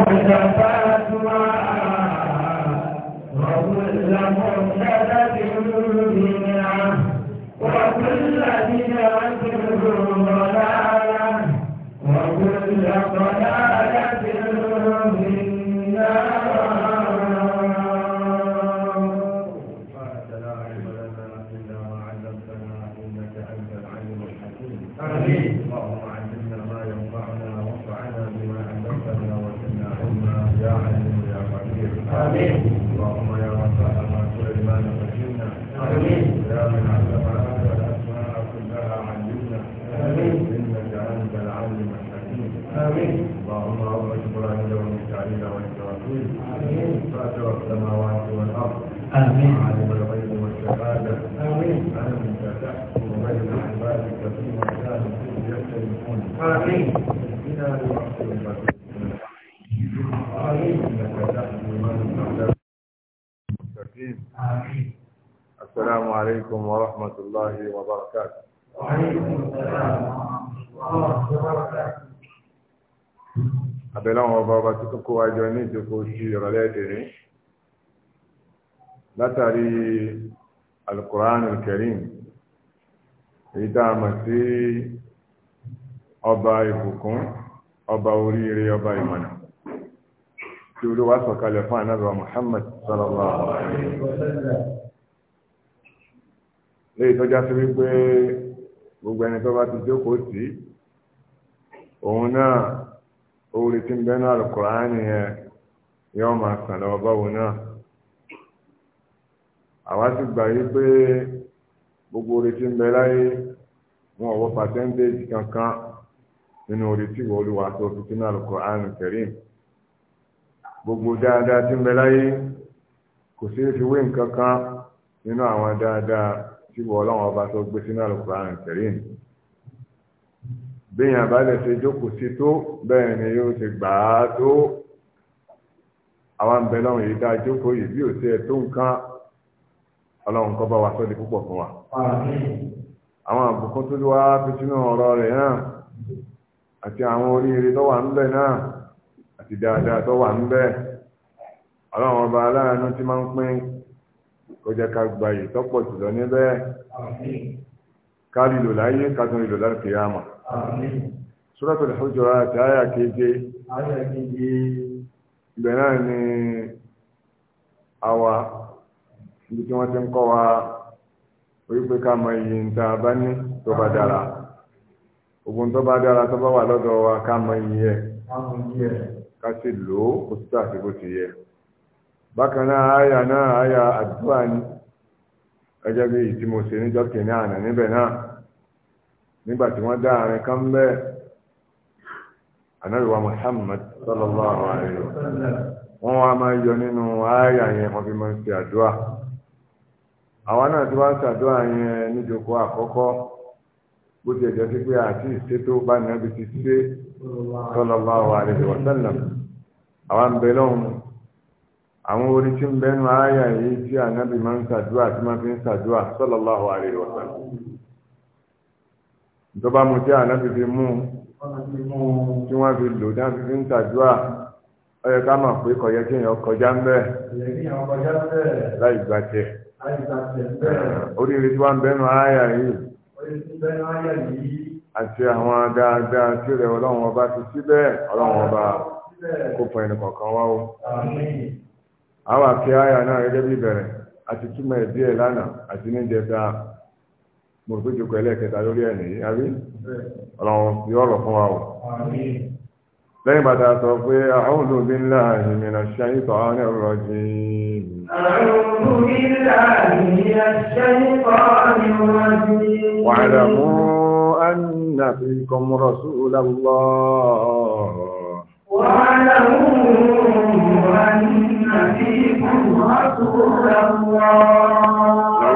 وكل بدعة ضلالة وكل ضلالة عليكم ورحمة الله وبركاته وعليكم السلام ورحمة الله وبركاته àbẹ̀láwọn ọba ọba títún kó wájọ ní ìjọkó sí ìrọ̀lẹ́ ìdèrè látàrí alukoran alkarim èyí tá a mọ̀ sí ọba ìbùkún ọba oríire ọba ìmọ̀nà tí olúwa fún anábà Muhammad sallallahu alaihi wasallam léyìí tọ́já sí wípé gbogbo ẹni tó bá ti jókòó sí òun náà orí tí ń bẹ náà Al-Kùránì yẹn yóò máa sàn lọ báwo náà àwa sì gbà yí pé gbogbo orí tí ń bẹ láyé wọn ò wọ kankan nínú orí tí ìwọ olúwa tó fi sínú Al-Kùránì Kẹrim gbogbo dáadáa tí ń bẹ láyé kò sí fi wé nǹkan kan nínú àwọn dáadáa tí wọ́n ọlọ́run ọba tó gbé sínú àlùkò àrùn kẹrin béèyàn bá lè ṣe jókòó sí tó bẹ́ẹ̀ ni yóò ti gbà á tó àwọn àbẹ̀ lọ́run yìí dá jókòó yìí bí ò sí ẹ tó nǹkan ọlọ́run kọ́ bá wa sọ́ọ́ di púpọ̀ fún wa. àwọn àbùkún tó wá fi sínú ọ̀rọ̀ rẹ̀ náà àti àwọn oríire tó wà ńbẹ̀ náà àti dáadáa tó wà ńbẹ̀ ọlọ́run ọba aláàánú ti máa ń pín ó jẹ́ ká gba èyí tọ́pọ̀ jùlọ níbẹ̀ ká lílò láyé ká tún lílò láti kìí àmà Suratul Hujurat àyà keje ibẹ̀ náà ni àwa ibi tí wọ́n ti ń kọ́ wa wípé ká mọ iye ń ta bá ní tó bá dára ogun tó bá dára tó bá wà lọ́dọ̀ wa ká mọ iye ẹ̀ ká sì lò ó kó sí àti bó ti yẹ. baka na àyà na àyà àdúrà ni ẹjẹ́ bí ìtí mo se níjọ́ kìíní àná níbẹ̀ náà nígbà tí wọ́n dá àárín kan bẹ́ẹ̀ anáríwá Muhammad sallallahu alaihi wasallam wọ́n wá máa yọ nínú àyà yẹn wọ́n fi máa ń ṣe àdúrà náà ti wá ń ṣàdúrà yẹn níjókòó àkọ́kọ́ bó ti ẹ̀jẹ̀ sí pé àti ìṣètò bá ti ṣe àwọn orí tí ń yìí tí ànábì máa ń sàdúà tí máa fi ń sàdúà sallallahu alaihi wasallam ìjọba mu tí ànábì fi mú tí wọ́n fi lò dá fi fi ń sàdúà ó ká mọ̀ pé kí èèyàn kọjá ń bẹ́ẹ̀ láì ọba ti síbẹ̀ ọba kó fún ẹnì kọ̀ọ̀kan o. àwọn àti àyà náà gẹ́gẹ́ bí bẹ̀rẹ̀ àti túmọ̀ ẹ̀bí ẹ̀ lánàá àti níjẹta mo tó ẹlẹ́ẹ̀kẹta lórí ẹ̀ nìyí àbí ọlọ́run fi ọ̀rọ̀ fún wa o. lẹ́yìn bàtà sọ pé a'udhu billahi minash لو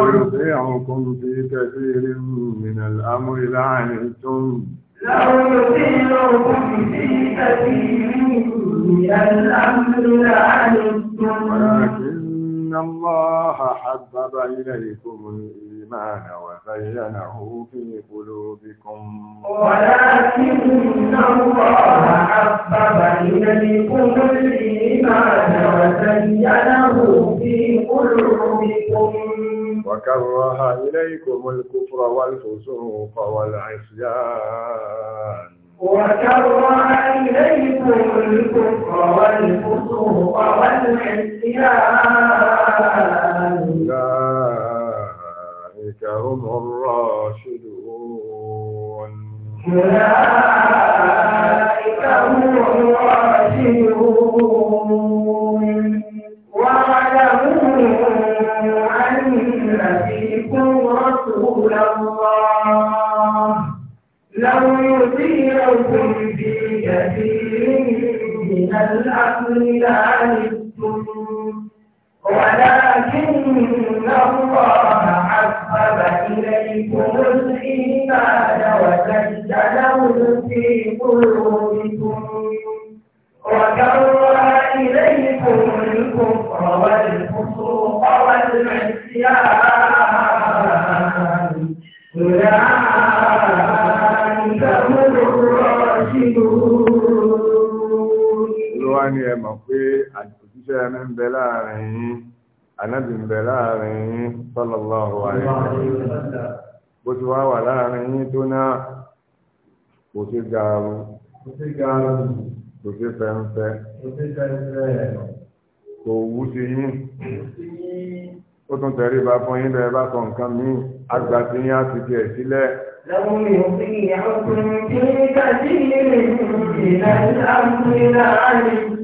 يطيعكم في كثير من الأمر لعنتم لو يطيعكم في كثير من الأمر لعنتم ولكن الله حبب إليكم الإيمان الإيمان وزينه في قلوبكم ولكن الله حبب إليكم الإيمان وزينه في قلوبكم وكره إليكم الكفر والفسوق والعصيان وكره إليكم الكفر والفسوق والعصيان هم الراشدون أولئك هم الراشدون واعلموا أن فيكم رسول الله لو يطيعكم في كثير من الأمر لعنتم ولكن الله كتب إليكم الإيمان وزينه في قلوبكم ànábì ń bẹ láàrin yín sallallahu alaihi wasallam bó ti wá wà láàrin yín tó náà kò sí gaaru kò sí fẹ́ńfẹ́ kò wú sí yín ó tún tẹ̀rí ba fún yín bẹ́ẹ̀ bá kọ nǹkan míì àgbà tí yín á ti di ẹ̀ sílẹ̀. Lọ́wọ́ mi ò fi ìyàwó fún kí n ká sí ilé mi ìlànà àmúlẹ̀ àárín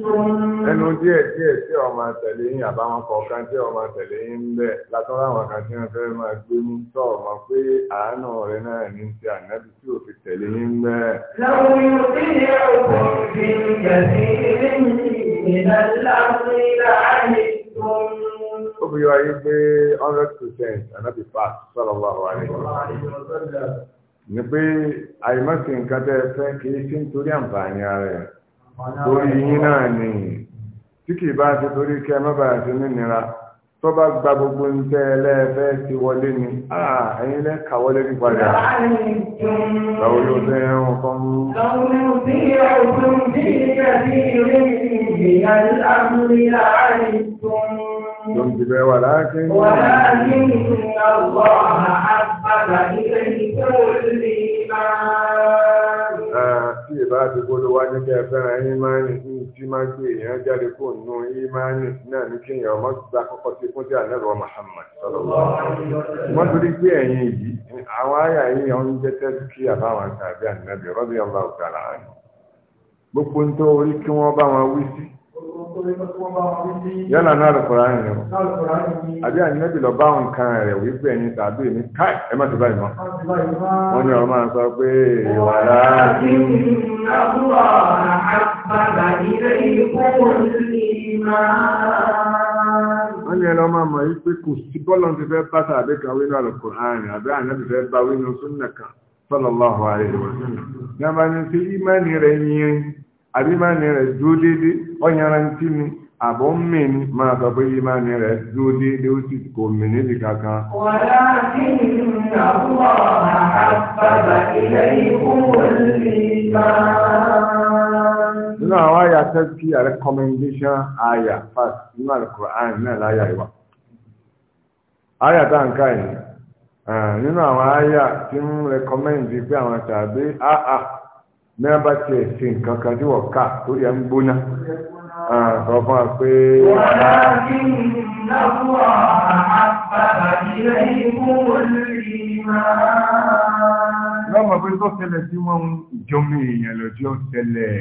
ẹnu díẹ̀ díẹ̀ tí ọmọ àtẹ̀lé yín àbáwọn kọ̀ọ̀kan tí ọmọ àtẹ̀lé yín ń látọ́ láwọn kan tí wọ́n fẹ́ máa gbé mú tọ́ ọmọ pé àánú rẹ náà ní ti ànábì tí òfin tẹ̀lé yín ń bẹ̀. ayé pé hundred percent ànábì pass sọ̀rọ̀ wà wà ní. ni pé àyèmọ́sìn nǹkan tẹ́ fẹ́ kì í sí nítorí àǹfààní ara ẹ̀ torí yín náà ni tí kì í bá ti torí kí ẹ má bàa ti nínira tó bá gba gbogbo ń tẹ́ ẹlẹ́ẹ̀fẹ́ ti wọlé ni ẹ̀yin lẹ́ kà wọlé nípa rẹ̀ lọ́wọ́ yóò tẹ́ ẹ̀hún kan mú. lọ́wọ́ yóò tẹ́ ẹ̀hún kan mú. لم تبع ولكن ولكن الله حبب إليكم الإيمان bá ti gbóló wá ní kẹ́ fẹ́ràn ìmánì ní tí máa gbé èèyàn jáde kó nù ìmánì náà ní kí èèyàn ọmọ gbà kọ́kọ́ sí fún tí àlẹ́rọ Muhammad sallallahu wọ́n torí pé ẹ̀yìn yìí àwọn àyà yìí jẹ́ tẹ́sí kí àbáwọn gbogbo yálà náà lọ fọlá yìí ni o àbí ànínábì lọ bá àwọn kan rẹ wípé ẹ̀yin tàbí èmi káì ẹ má ti báyìí ọ̀rọ̀ máa sọ pé ìwà láàbí. wọ́n ní ẹlọ́ máa mọ̀ kò sí ti fẹ́ bá tàbí kan wínú àlùkò àárín àbí ànínábì fẹ́ bá wínú súnnà kan sallallahu alaihi wa sallam ní a máa ní sí àbí máa ní rẹ̀ dúró déédéé ọ̀yanrantí ni àbọ̀ ń mì ní máa sọ pé yí máa ní rẹ̀ dúró déédéé ó sì kò mì níbi kankan. wàlá kí ni àbúrò àbàbà ilẹ̀ ikú wọlé máa. nínú àwọn àyà tẹ́sí recommendation àyà fat nínú Al-Qur'an náà láyà ìwà. àyà tá à ń ká yìí nínú àwọn àyà tí ń recommend pé àwọn tàbí àà. Ah, ah, ní a bá ti ẹ̀sì nǹkan kan tí wọ́n ká torí ẹ̀ ń gbóná sọ fún wa pé. lọ́mọ pé tó ṣẹlẹ̀ sí wọn ìjọmọ èèyàn lọ́jọ́ ṣẹlẹ̀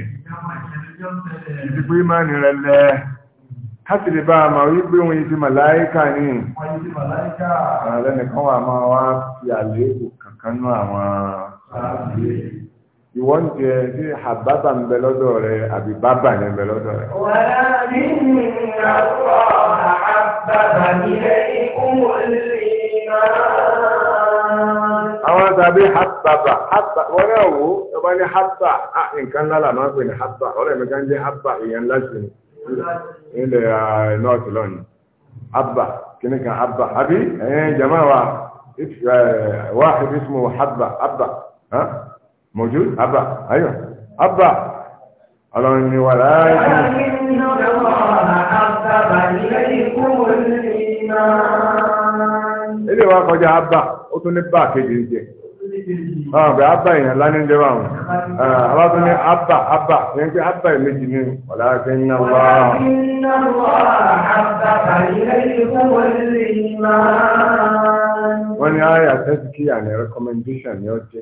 ìdí pé máa ní rẹ lẹ láti lè bá a máa wí pé wọ́n ti màláíkà ní ààrẹ nìkan wà máa wá fi àléébù kankan náà àwọn ààrẹ ìwọ́n jẹ sí àbábà ń bẹ lọ́dọ̀ rẹ àbí bábà ń bẹ lọ́dọ̀ rẹ. wàhálà mi ní àwọ̀ àbábà ilẹ̀ ìkúnlẹ̀ àwọn tàbí hapaba hapa wọ́n náà wò ó bá ní hapa á nǹkan lálà pè ní hapa ọ̀rẹ́ mọ̀jú abba ayọ̀ abba ọlọ́run ni wà láàájú. ilé wa kọjá abba ó tún ní bá kejì ń jẹ báwọn bẹ abba èèyàn lánàá ń jẹ báwọn àbá tún ní abba abba yẹn pé abba yìí méjì ní ọ̀la ẹgbẹ́ ń náwó. wọ́n ní àyà tẹ́sí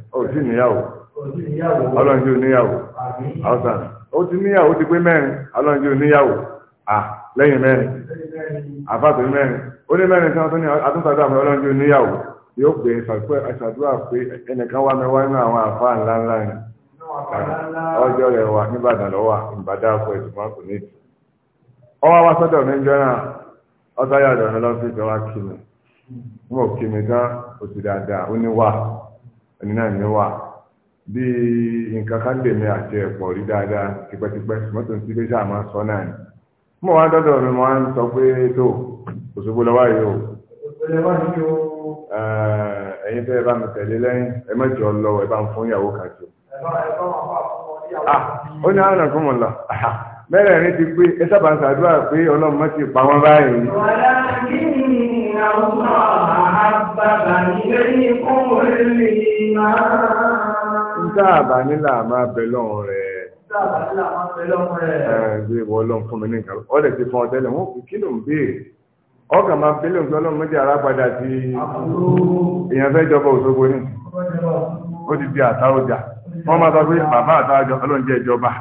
ó sì níyàwó ọlọ́run jẹ́ ọ̀sán ti níyàwó ti pé mẹ́rin ọlọ́run oníyàwó à lẹ́yìn mẹ́rin àfàtò mẹ́rin ó ní mẹ́rin sáwọn tó ní àtúntàdá àmọ́ ọlọ́run jẹ́ oníyàwó yóò pè é ṣàdúrà pé ẹnìkan mẹ́wàá nínú àwọn ńlá ńlá ni ọjọ́ rẹ̀ wà nígbàdàn lọ́wọ́ ìbàdà ọkọ̀ kò ní ọwọ́ wa sọ́dọ̀ mi náà mo òsì dáadáa ó ní wà ẹni náà ní wà bí nǹkan kan lè mi àti ẹ̀pọ̀ rí dáadáa tipẹ́tipẹ́ mọ́tò ti lè ṣáà máa sọ náà ni mo wá dọ́dọ̀ mi mo wá ń sọ pé tó Òṣogbo lọ́wọ́ yìí o ẹ̀yin tẹ́ ẹ bá mi tẹ̀lé lẹ́yìn ẹ mẹ́jọ lọ ẹ bá ń fún ìyàwó kan ó ní àwọn nǹkan mọ̀ lọ mẹ́rẹ̀ẹ̀rin ti pé ẹ sábà ń ṣàdúrà pé Ọlọ́run ti pa wọ́n báyìí. wàlá kí ni àwọn ọmọ àbàbà nílé ikún orílẹ̀ iná. Nígbà àbà nílà máa bẹ lọ́rùn rẹ̀. Nígbà àbà nílà máa bẹ lọ́rùn rẹ̀. Ẹ gbé ìwọ ọlọ́run fún mi ní nǹkan. Ó lè ti fún ọ tẹ́lẹ̀, wọ́n kì í kí ló ń béèrè. Ọkàn máa fi lóun tí ọlọ́run méjì ara padà èèyàn fẹ́ jọba Òṣogbo ní. Ó ti di àtàrọ̀jà. Wọ́n máa sọ pé bàbá àtàrọ̀jà ọlọ́run jẹ́ ìjọba.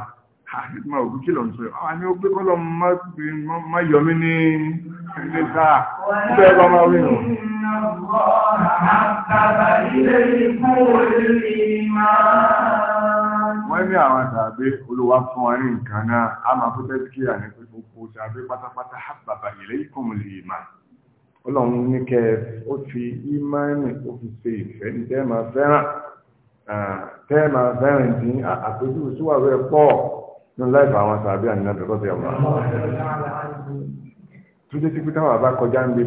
Àti máa òkú kí ń sọ Àwọn àni ó gbé kọ́lọ́ ilé sáà tó ẹgbà máa wí nù. Wọ́n ní àwọn tàbí olúwa fún wa ní nǹkan náà, a máa fún tẹ́síkíyà ní pé gbogbo tàbí pátápátá bàbà ilé ìkùnmù lè máa. Ọlọ́run ní kẹ ó fi ímánì ó fi ṣe ìfẹ́ ní tẹ́ẹ̀mà fẹ́ràn tí àpéjú síwáwẹ́ pọ̀ nínú láìpẹ́ àwọn tàbí àníyàn tẹ́kọ́ tó jẹ́ sí pé táwọn àbá kọjá ń gbé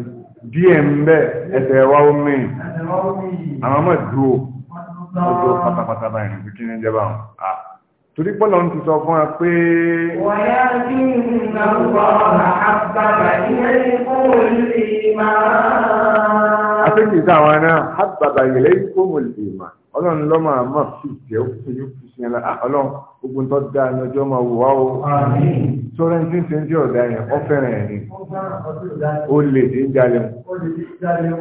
díẹ̀ ń bẹ́ ẹsẹ̀ wa ó àwọn ọmọ ìdúró ó pátápátá báyìí kí ni jẹ́ torí pọ́lọ̀ ń ti sọ fún wa pé àtẹ́kì ìtàwọn náà hábàbà ilẹ̀ ìkóhùn ìmà ọlọ́run lọ́mọ àmọ́ ọlọ́run ogun tó dáa ní ọjọ́ máa wù wá o sọ́rọ́ ní ṣe ń jẹ́ ọ̀dà yẹn ó ẹ̀ ni ó lè dé jalè mu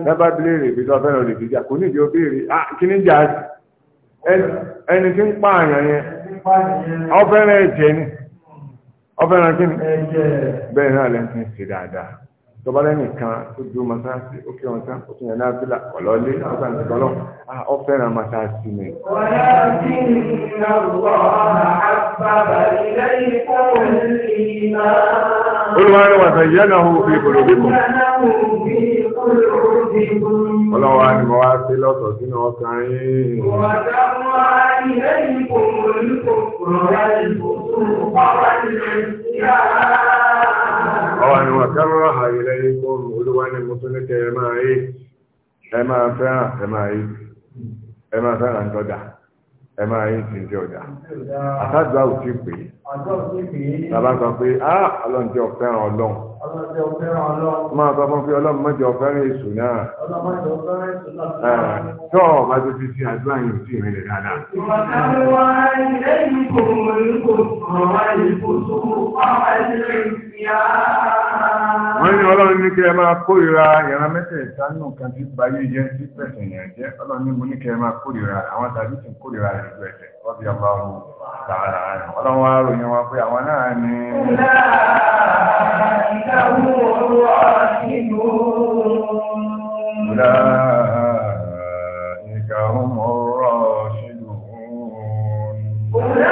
lábàbí lè bí tó fẹ́ràn lè dé kò ní ìdí ó béèrè ah, kí ní jà á ẹni tí ń pa àyàn yẹn ọfẹ́rẹ́ ẹ̀jẹ̀ ni ọfẹ́rẹ́ kí ni bẹ́ẹ̀ náà lẹ́sìn ṣe dáadáa tọba lẹ́yìn kan tó dúró masáàsì ó wọn tán ó tún náà fílà ọ̀lọ́lé ọ̀sán ti kọ́lọ́ ọ fẹ́ràn masáàsì ni. olùwárí wàtà ìyá náà fi kòló bí ọlọ́wà ni mo wá sí lọ́sọ̀ sínú ọkàn yín. wàtà wá ilé ìkòkò ní kòkòrò láti fòkúrò pàápàá ní nàìjíríà. ọ̀wà ni wàtà rọ̀ àyè lẹ́yìn fẹ́rí fóònù olúwa ní mo tún ní kẹ ẹ máa yé ẹ máa fẹ́ràn ẹ máa yé ẹ máa fẹ́ràn tọ́jà ẹ máa yé ti ti ọjà àtàdúrà ò ti pè é bàbá sọ pé á ah, ọlọ́run ti ọ ọlọ́run máa sọ fún fi ọlọ́run mọ́jọ fẹ́ràn èṣù náà. tọ́ ọ bá tó fi sí àdúrà yìí sí ìrìnlẹ̀ dáadáa. wọ́n ní ọlọ́run ní kí ẹ máa kórìíra ìran mẹ́tẹ̀ẹ̀ta nù kan tí báyé jẹ́ sí pẹ̀sẹ̀ yẹn jẹ́ ọlọ́run ní mo ní kí ẹ máa kórìíra àwọn tàbí tí kórìíra rẹ̀ ọdí ọba ọ̀hún tààrà rẹ̀ ọlọ́wọ́ àròyìn wọn pé àwọn náà ní Ọlá ìkàhùn ọ̀rọ̀ ṣìlú. Ọlá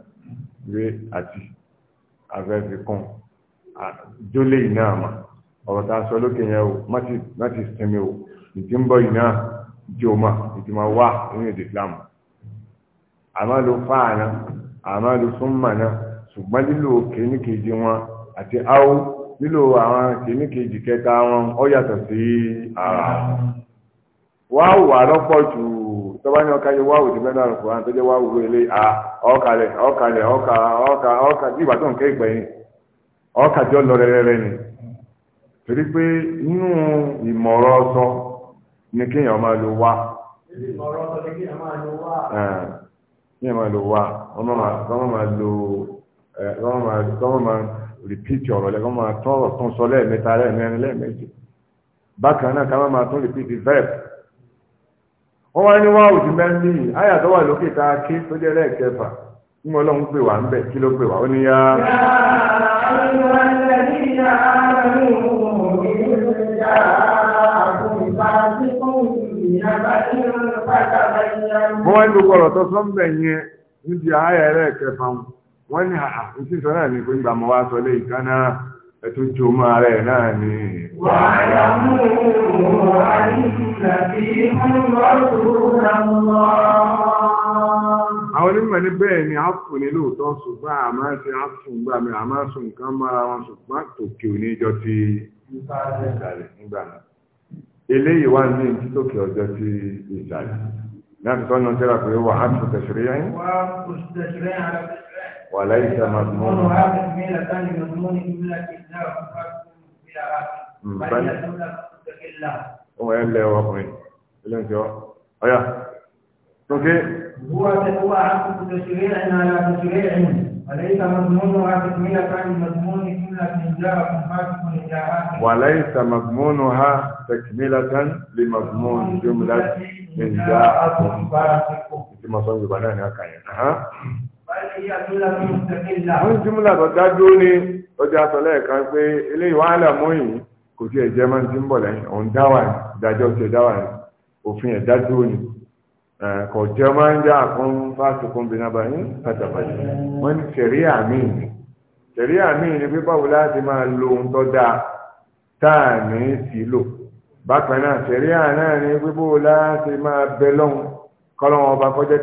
gbé a afẹ́fẹ́ kan jólè iná àmà ọ̀rọ̀ a sọ lókè yẹn o má ina o ìdí ń bọ̀ iná jòmá Islam àmọ́ ló fà á náà àmọ́ ló fún mà náà ṣùgbọ́n lílo kìíníkejì ati àti áwó awọn àwọn kìíníkejì kẹta wọn ó yàtọ̀ ara wáwù àlọ́pọ̀ jù tọ́ba a. ọ̀kalẹ̀ ọ̀kalẹ̀ ọ̀ka ọ̀ka ọ̀ka bí tó ń jọ lọ ni torí pé nínú ìmọ̀ràn ọ̀sọ ni kéèyàn máa lo wá. kéèyàn máa lo wá. máa lo ọmọ máa ọmọ máa ọ̀rọ̀ máa sọ bákan náà ká máa tún verb wọ́n wá ní wá òdì mẹ́rin yìí àyà tó lókè tá a ké tó jẹ́rẹ́ ìkẹfà ń mọ ọlọ́run pè wá ń bẹ̀ kí ló pè wá ó ní yá. wọ́n wá ní gbogbo ọ̀rọ̀ tó sọ́ńbẹ̀ yẹn níbi wọn ní náà ní sọ lé ìkànnà. ẹ̀tún jò máa rẹ̀ náà ni wàhálà mú àwọn onímọ̀ ní bẹ́ẹ̀ ni a fún ní lóòótọ́ ṣùgbọ́n a máa ṣe a fún gbà mí a máa sùn nǹkan mara wọn ṣùgbọ́n tòkè ò ní ìjọ ti ìsàlẹ̀ nígbà náà eléyìí wá ní títòkè ọjọ́ ti ìsàlẹ̀ نعم قلنا انت لك هو عطف تشريعي وعطف تشريعي على تشريعي وليس مضمونها تكملة مضمون إلا كتاب بلا عقل بل جملة مستقلة هو إلا هو أخوين إلا أنت هو أيا أيوه. أوكي هو هو عطف تشريعي على تشريعي وليس مضمونها تكملة لمضمون وليس مضمونها تكملة لمضمون جملة من جاءكم كما صنع بنانا كاين ها wọ́n jùmúlà tó dájú ní ọjọ́ àtọ́lẹ̀ kan pé ilé ìwàhálà mọ́yìn kò tí ẹ̀jẹ̀ máa ti ń bọ̀ lẹ́yìn òun dáwà ní ìdájọ́ tí ẹ dáwà ní òfin ẹ̀dá dúró ní kò jẹ́ máa ń já àkún fásitì kún bí náà báyìí pátápátá wọ́n ní sẹ̀rí àmì ìní ṣẹ̀rí àmì ní pípàwò láti máa lo ohun tó dáa táà ní sí lò bákan náà ṣẹ̀rí àná ní pípàwò láti máa bẹ lọ́hùn kọ́lọ́wọ́n ọba kọjá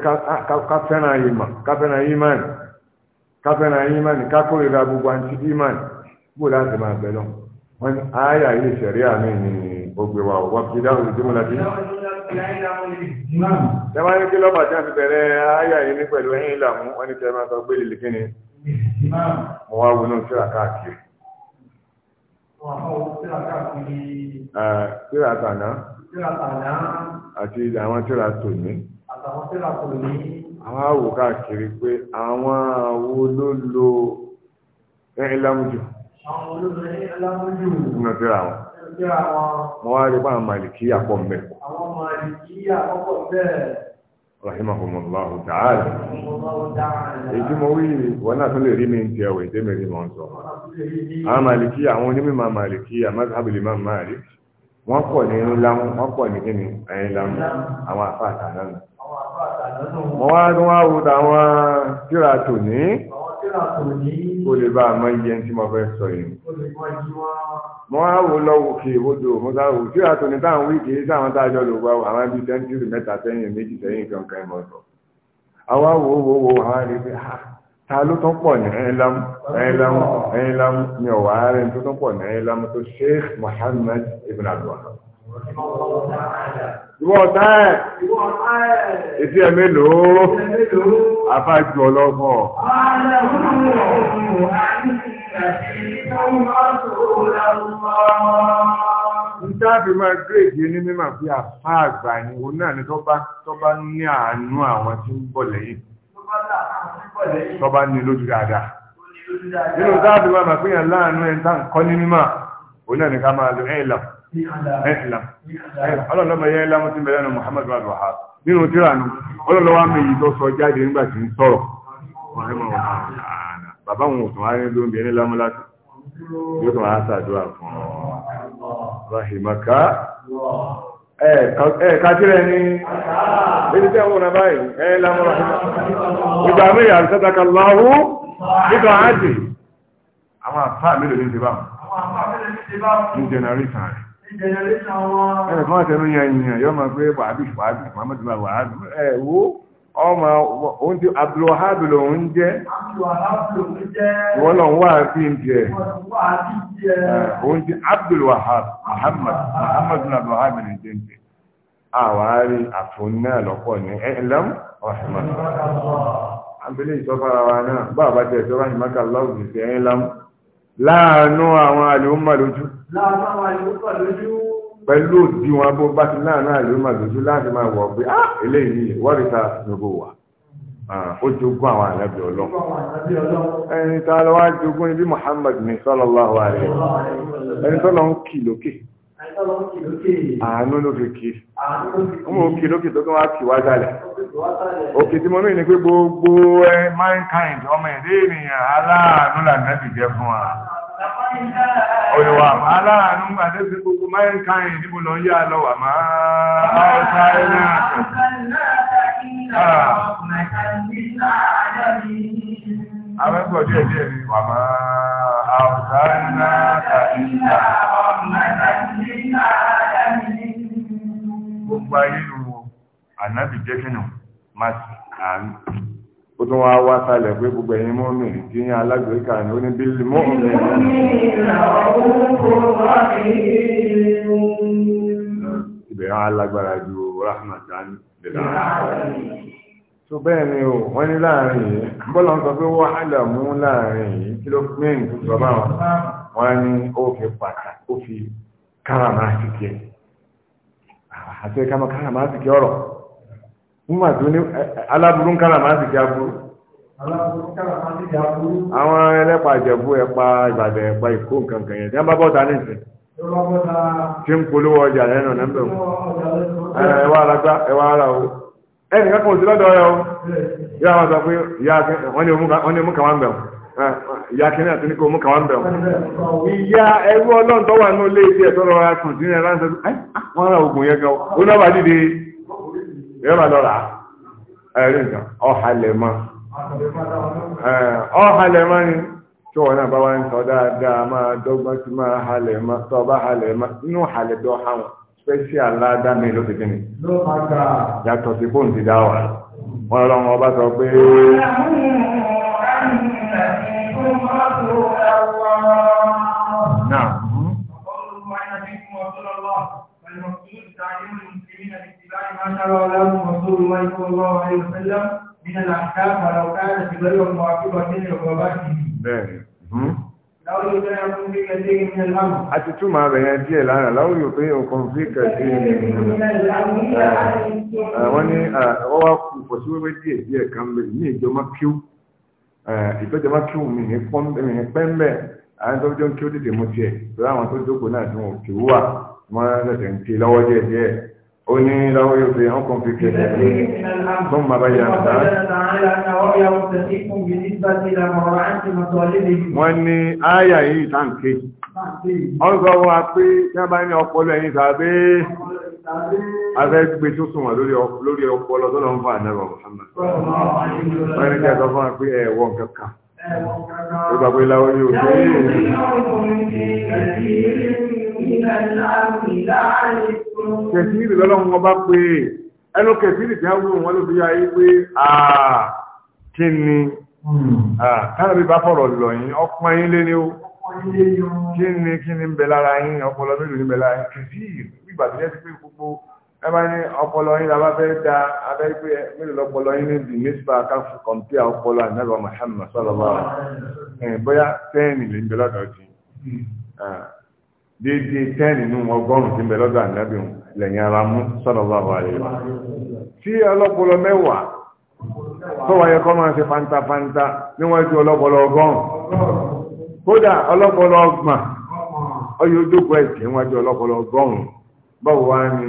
káfẹ́ràn ìmọ̀ káfẹ́ràn ìmánì káfẹ́ràn ìmánì kákórìíra gbogbo àti ìmánì bó láti máa bẹ lọ́hùn wọ́n ní àyà yìí ṣẹ̀rí àmì ní ogbe wa wọ́n fi dáhùn ìdímọ̀ láti tẹ́wọ́n ní kí lọ́bàtí àti bẹ̀rẹ̀ àyà yìí ní pẹ̀lú ẹ̀yìn ìlàmú wọ́n ní tẹ́wọ́n mo wá wọnú tíra káàkiri. tíra tàná. tíra tàná. àti àwọn tíra tòní. àtàwọn tíra tòní. àwọn àwò káàkiri pé àwọn àwo ló lo ẹ̀ ẹ̀ lámújù. àwọn olóòlù ẹ̀ ẹ̀ lámújù. nínú tíra wọn mo wá rí bá àwọn màlìkí àpọ̀ mẹ́. àwọn màlìkí àpọ̀ bẹ́ẹ̀. rahimahumullahu ta'ala èyí mo wí wọn náà tó rí mi ti ẹwẹ ìdé mẹ́rin mọ sọ a màlìkí àwọn onímọ̀ màlìkí àmọ́sábìlì máa màlìkí wọ́n pọ̀ ní wọ́n pọ̀ ní àwọn wọ́n wá wọ́n kó lè bá àmọ́ iye tí mo fẹ́ sọ yìí. mo á wò lọ́wọ́ kí ìwọ́dọ̀ mo sá wò tí àtúntò táwọn wíìkì yìí sáwọn tá a jọ lò wá àwọn ibi sẹ́ńtúrì mẹ́ta sẹ́yìn méjì sẹ́yìn kankan mọ̀ sọ. àwa wò wò wò àwọn àrègbè ha ta ló tún pọ̀ ní ẹ̀ńlámù ẹ̀ńlámù ẹ̀ńlámù ni ọ̀wá rẹ̀ tó tún pọ̀ ní ẹ̀ńlámù tó Sheikh Muhammad ibn Abdul Wahab ìwọ ọ̀tá ẹ̀ etí ẹ̀ mélòó afájú ọlọ́gbọ́. Ntáàbí máa gírèdì ní mímọ̀ bí àfá àgbà ni òun náà ni tọ́bá ní àánú àwọn tí ń bọ̀ lẹ́yìn. Tọ́bá ní lójú dáadáa. Nínú táàbí máa máa pínyàn láàánú ẹ̀ ń tá nǹkan ní mímọ̀, òun náà ni ká máa lo ẹ̀lọ̀. ọlọ́lọ́mọ yẹn lámú tí mẹ́lẹ́nu Muhammad bin nínú tíranù ọlọ́lọ́wọ́ àmì tó sọ jáde nígbà tí ń sọ̀rọ̀ bàbá wọn ò tún wá ní lóun bí ẹni lámú láti yóò tún wá sàdúrà fún ọ rahimaka ẹ̀ẹ̀ka tíra ẹni ebi tẹ́ ń wọ̀nà báyìí ẹ̀ rahimaka ìgbà nígbà àwọn àfáà mélòó ní ti bá wọn ẹ̀fọ́n àtẹnu yẹnyìn yọ máa pé wàhábì wàhábì muhammadu ma wàhábì ẹ̀ wo ọmọ oúnjẹ abdulwahab ló ń jẹ́ wọ́n lọ wà bí n jẹ́ oúnjẹ abdulwahab muhammad muhammadu na abdulwahab ní jẹ́ jẹ́ àwárí àfún náà lọ́pọ̀ ní ẹ̀lẹ́m ọ̀hìnmá abẹ́lé ìsọ́fara wa náà bá àbájẹ́ ìsọ́fara ìmákàlá òṣìṣẹ́ ẹ̀lẹ́m láàánú àwọn àlùmọ́ pẹ̀lú òdiwọ̀n bó bá ti náà náà yóò máa dojú láti máa wọ̀ pé ah eléyìí ni wọ́rìta nìbò wà ó jogún àwọn ànábì ọlọ́run ẹni tá a lọ wá jogún ibi Muhammad ní sallallahu alaihi ẹni tọ́lọ́ ń kì lókè àánú ló fi kì ọmọ òkè lókè tó kí wọ́n á kì wá jálẹ̀ òkè tí mo ní ní pé gbogbo ẹ mankind ọmọ ẹ̀dẹ́ ènìyàn aláàánú làǹdẹ́bì jẹ́ fún wa. Olùwà máa láàánú gbàdé sí gbogbo máa ń káyìn níbo lọ yá lọ wà máa ọ̀tá iná. Àwẹ́gbọ̀ ah. díẹ̀ díẹ̀ ni wà máa ọ̀tá iná tàbílá. Gbogbo ayé ó wa wá wá sálẹ̀ pé gbogbo ẹ̀yin mú mi kí ní alágbèéká ni ó ní bílí mú ìbẹ̀rẹ̀ alágbára ju rahmatan lẹ́la. tó bẹ́ẹ̀ ni o wọ́n ní láàrin yìí bọ́lá ń sọ pé wọ́n á mú láàrin yìí kí ló mẹ́rin tó sọ bá wọn ní ó fi pàtàkì ó fi káràmásìkì àti káramáàsìkì ọ̀rọ̀. nígbà tó ní aláburú ń kára máa ti já burú. aláburú ń kára máa ti já burú. àwọn ẹlẹ́pàá ìjẹ̀bú ẹ̀pà ìbàdàn ẹ̀pà ìkó nǹkan kan yẹn tí wọ́n bá bọ́ta nísìn. tí ń polówó ọjà lẹ́nu nẹ́mbẹ̀ wọn. ẹwà alágbá ẹwà ara o. ẹnì kankan òsì lọ́dọ̀ ọ̀yọ́ o. yóò àwọn sọ pé wọ́n ní omúkà wá ń bẹ̀ wọn. ìyá kìnìún àti oníkó omúkà wá ń bẹ̀ wọn. ìyá ẹrú ọlọ́run tó wà ah, ní yóò máa ẹ̀rí nǹkan ọ̀halẹ̀ ni tí náà bá wá ń sọ dáadáa máa dọ́gbọ́n máa tó bá inú dọ́ special ládá mi ló ti kí ni yàtọ̀ sí ti dá wà lọ́wọ́ الله صلى الله عليه وسلم من الأحكام ولو كانت غير مواكبة لرغباته. لو يطيعكم في كثير من الأمر. أتتما بهذه الآن لو يطيعكم في كثير من الأمر. وأني أوقف وسوي بدي أدي كم بدي جمع كيو. ìtọ́jọba kí òun mìíràn pẹ́ńbẹ́ àwọn tó jọ ń kí ó tètè mú tiẹ̀ tó láwọn tó jókòó náà tí wọn kì í wà wọn lọ́sẹ̀ ń ké lọ́wọ́ díẹ̀ díẹ̀ oni lawo yóò fi hàn kàn fi kéde fún bàbá yà sá. wọ́n ní àyà yìí tàǹkì ọ̀sọ̀ wa pé tí wọ́n bá ní ọpọlọ ẹ̀yìn tàbí afẹ́gbé tó sùn wà lórí ọpọlọ tó lọ ń fa ànábà Muhammad. wọ́n ní kí a sọ fún wa pé ẹ̀wọ̀ nǹkan kan. ó kẹfìrì lọ́lọ́run ọba pé ẹnu kẹfìrì tí a wú wọn ló fi yá yí pé àà kí ni hmm. táàbí bá fọ̀rọ̀ lọ yín ọpọ́n yín lé ní o kí ni kí ni ń bẹ lára yín ọpọlọ mélòó ní bẹ lára yín kẹfìrì gbígbà tó yẹ sí pé gbogbo ẹ bá ní ọpọlọ yín làbá fẹ́ da abẹ́ pé mélòó lọpọlọ yín níbi déédéé tẹ́ẹ̀nì nínú ọgọ́rùn-ún tí ń bẹ lọ́dọ̀ ara mú sallallahu alaihi wa sallam. tí ọlọ́pọlọ mẹ́wàá tó wáyé kọ́ máa ṣe fantafanta níwájú ọlọ́pọlọ ọgọ́rùn-ún kódà ọlọ́pọlọ ọgbọ̀n ọyọ ojókòó ẹ̀sìn níwájú ọlọ́pọlọ ọgọ́rùn-ún báwo wá ní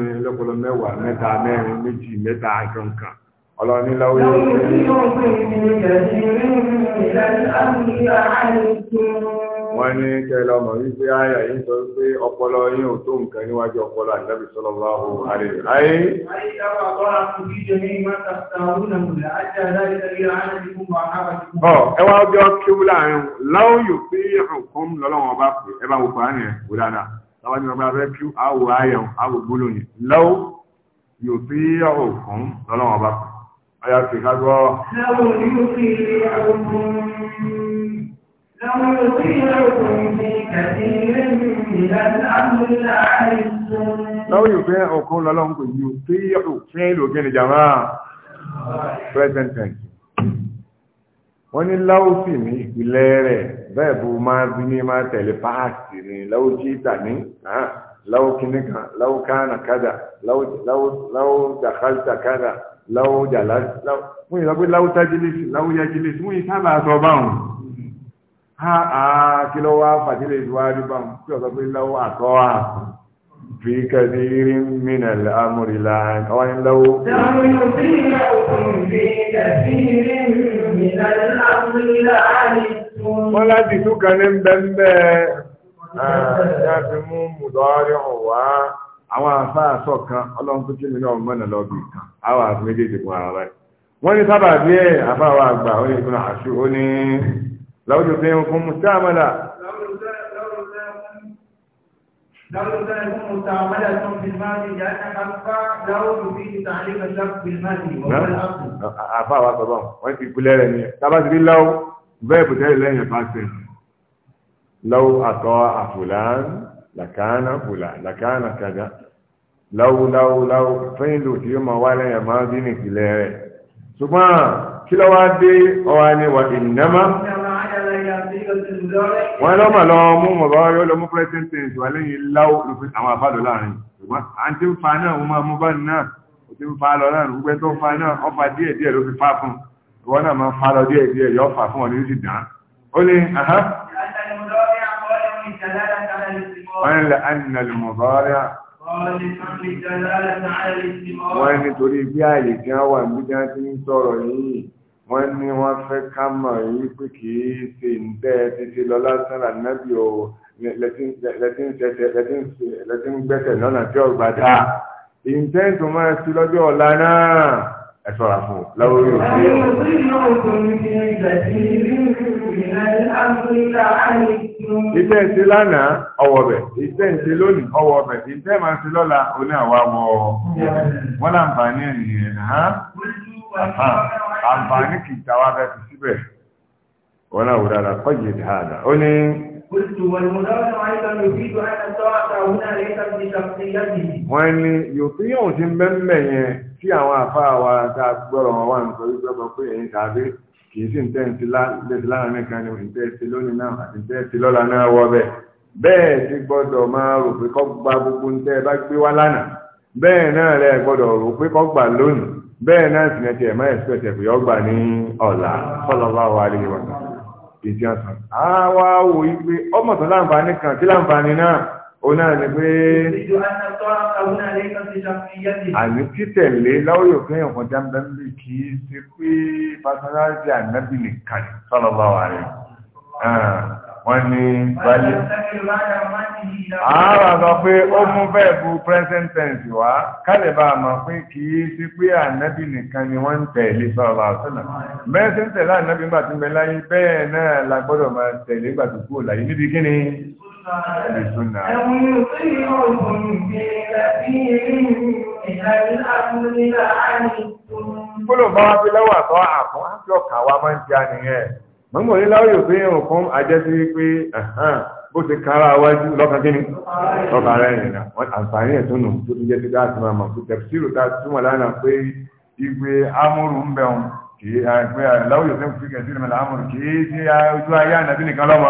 wọ́n ní kẹlẹ́ ọmọ wípé àyà yìí sọ pé ọpọlọ yín ò tó nǹkan níwájú ọpọlọ ànábì sallallahu alaihi wasallam. ayé. ayé àwọn àbọ̀rọ̀ àkùnrin ìjọ ní ìmọ̀ta tààrù náà múlẹ̀ ájá láyé ẹ̀rí àánú ìfúnmọ̀ àhábà. ọ ẹ wá ọjọ́ kí wúlà yín láwùjọ pé ọkàn lọ́lọ́wọ́n bá pè ẹ bá wò pa á nìyẹn wò dáadáa láwọn ìgbà rẹ kí àwò ayẹun àwò gbólóyìn lọ́wọ́ yóò fi ọ̀rọ̀ lọ́lọ́wọ́n bá pè ọyà sì ká gbọ́. láwọn yóò fi ọ̀rọ̀ fún لو يطيعكم في كثير من الأمر لعنتم لو يطيعكم لهم يطيع فعل كان جماعة present tense wọ́n ní láwùsì ní ìpìlẹ̀ rẹ̀ bẹ́ẹ̀ bó máa bí ní máa tẹ̀lé páàsì ní láwùjí ìtà ní láwùkíní kan láwùkánà kádà láwùdàkálítà kádà láwùjàlá fún ìlọ́gbé láwùtájílẹ̀sì láwùyájílẹ̀sì fún ha a kí ló wá fàtílé ìwádìí bá tí ọ̀sọ̀ pé lọ́wọ́ àtọ́ à fi kẹ́dí rí mìnà lámúrí láàrín ọwọ́ ni lọ́wọ́. wọ́n láti túkà ní bẹ́ẹ̀bẹ́ láti mú mùdọ́rí ọ̀wá àwọn àfáà sọ̀kan ọlọ́run tó kí mi mọ́nà lọ́bì kan àwọn àti méjèèjì fún ara rẹ̀ wọ́n ní sábà bí ẹ̀ àfáà wà àgbà ó ní ìgbóná àṣù ó ní لو جزيهم مستعملا لو جزيهم مستعملة في الماضي لأن حقا لو يفيد تعليم الشرط بالماضي وهو الأصل عفا وطبعا وانت كل هذا طبعا تقول لو باب تقول لن يفاسد لو أطاع فلان لكان فلان لكان كذا لو لو لو فين لو تيوم ولا يا ماضي نكلاه سبحان كلا وادي واني وإنما wọ́n lọ́ mà lọ mú mọ̀ bá yóò lọ mú present tense wà lẹ́yìn láwó lófin àwọn àbádọ́ láàrin ṣùgbọ́n à ń tí ń fa náà wọ́n máa mú bá náà ó ti ń fa lọ láàrin gbogbo tó fa náà ó fa díẹ̀ díẹ̀ ló fi fa fún ìwọ náà máa fa lọ díẹ̀ díẹ̀ yọ fa fún ọ ní ó ó lè ahán. wọ́n lè ànàlù bí àyè kí wà níbi tí wọ́n ti ń sọ̀rọ̀ yìí wọ́n ní wọ́n fẹ́ ká mọ̀ yí pé kì í ṣe ń bẹ́ ẹ títí lọ lásán lànàbí o lẹ́tí ń gbẹ́sẹ̀ lọ́nà tí ọgbà dá ìǹtẹ́ǹtì máa sí lọ́jọ́ ọ̀la náà ẹ ṣọ́ra fún lọ́wọ́ yóò sí. Iṣẹ́ ìṣe lánàá ọwọ́ bẹ̀, iṣẹ́ ìṣe lónìí ọwọ́ bẹ̀, iṣẹ́ máa ṣe lọ́la oní àwa wọ̀ ọ́. Wọ́n láǹfààní ẹ̀ nìyẹn àǹfààní kì í tàwa bẹ́ẹ̀ fi síbẹ̀ wọn náà wò dáadáa kọ́jì dáadáa ó ní. wọ́n ní yòókù yóò ti mẹ́mẹ́ yẹn tí àwọn àfa wa tá a gbọ́rọ̀ wọn wà ń sọ wípé ọkọ̀ pé ẹ̀yin tàbí kì í sì ń tẹ́ ń ti láàrin nìkan ni ń tẹ́ ti lónìí náà àti ń tẹ́ ti lọ́la náà wọ́ bẹ́ẹ̀ bẹ́ẹ̀ ti gbọ́dọ̀ máa rò pé kọ́ gba gbogbo ń tẹ́ bá gbé wá lánàá bẹ́ẹ̀ náà lẹ́ gbọ́dọ̀ rò pé kọ́ gbà lónìí bẹ́ẹ̀ náà sì nẹ́tì ẹ̀ máa ẹ̀sìpẹ̀tì ẹ̀kọ́ yọ gbà ní ọ̀la sallallahu alaihi wa sallam ìdí ọ̀sán. àwa wò yí pé ọmọ tó láǹfààní kan kí láǹfààní náà ó náà ni pé. àní títẹ̀lé láwùjọ fún ẹ̀kọ́ jáńbẹ́ńbì kì í ṣe pé pásánálì ànábì nìkan sallallahu wa sallam. Ah wọ́n ní báyé. àárọ̀ sọ pé ó mú bẹ́ẹ̀ bu present tense wá kálẹ̀ bá a mọ̀ pé kì í sí pé ànábì nìkan ni wọ́n ń tẹ̀lé sọ̀rọ̀ àṣọ̀nà bẹ́ẹ̀ ń tẹ̀lé ànábì ńgbà tí ń bẹ láyé bẹ́ẹ̀ náà la gbọ́dọ̀ máa tẹ̀lé ìgbà tó kúrò láyé níbi kí ni ẹ̀lẹ́ sọ́nà. ẹ̀wọ̀n yóò tí yóò dùn bí ẹ̀bí ìrìn ìlànà mọ́mọ́ ní láwọ́ yóò pé ẹ̀wọ̀n kan àjẹsí wípé bó ti kára wájú lọ́kàn kí ni ọkàn rẹ̀ rìn náà àǹfààní ẹ̀ tó nù tó ti jẹ́ ti dá àti máa mọ̀ pé tẹ̀síìrù ta túmọ̀ lánàá pé ìwé amúrù ń bẹ̀ wọn kì í pé láwọ́ yóò pé kẹ̀síìrù mẹ́ta amúrù kì í ṣe ojú ayé ànàbí nìkan lọ́mọ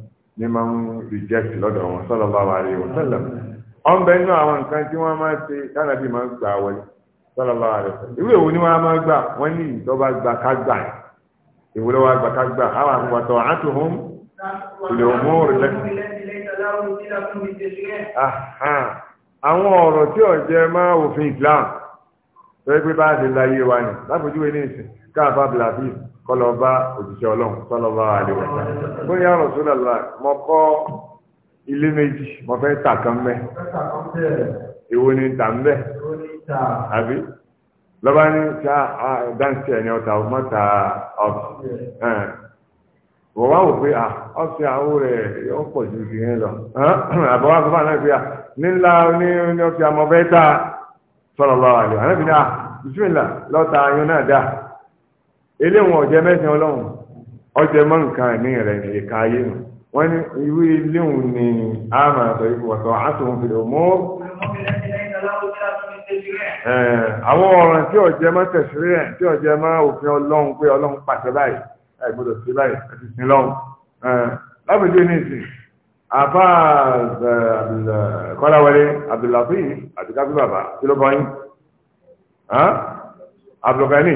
ní máa ń reject lọ́dọ̀ wọn sallallahu alaihi wa sallam ọ̀nbẹ inú àwọn nǹkan tí wọ́n máa ṣe tánàbí máa ń gbà wọlé sallallahu alaihi wa sallam ìwé òun ni wọ́n máa gbà wọ́n ní ìjọba gbà ká gbà ìwé lọ́wọ́ gbà ká gbà àwọn àpòpọ̀tọ̀ àtúhùn lè mú rẹ̀ àwọn ọ̀rọ̀ tí ò jẹ mọ́ òfin Islam tó yẹ pé bá a ṣe láyé wa ni láfojú ní ìsìn káàbá kọlọba òṣìṣẹ́ ọlọ́run kọlọba àdìgbàsá ó ní àrùn sólà la mo kọ́ ilé méjì mo fẹ́ tà kan bẹ́ èwo ni tà ń bẹ́ àbí lọ́ba ní ta dáńtì ẹ̀ ní ọ̀tà ọ̀gbọ́n ta ọ̀bì wọ́n wá wò pé à ọ̀sẹ̀ àwọ̀ rẹ̀ yóò pọ̀ ju ti yẹn lọ àbọ̀ wá fún àná pé à nílá ní ọ̀sẹ̀ àmọ́ fẹ́ tà sọ̀rọ̀ àná eléwọn ọ̀jẹ́ mẹ́sìn ọlọ́run ọjẹ́ mọ́ nǹkan ẹ̀mí rẹ̀ ní ìka ayé nù wọ́n ní irú iléhùn ni a máa sọ ikú ọ̀sọ̀ àtòun fi lè mú. àwọn ọ̀ràn tí ọ̀jẹ́ mọ́ tẹ̀sírí ẹ̀ tí ọ̀jẹ́ mọ́ òfin ọlọ́run pé ọlọ́run pàṣẹ báyìí ẹ̀ gbọ́dọ̀ sí báyìí ẹ̀ sì sin lọ́run. lábìjú ní ìsìn àbá kọ́láwọlé abdullahi àti kábí bàbá kí ló kọ́ yín abdulkani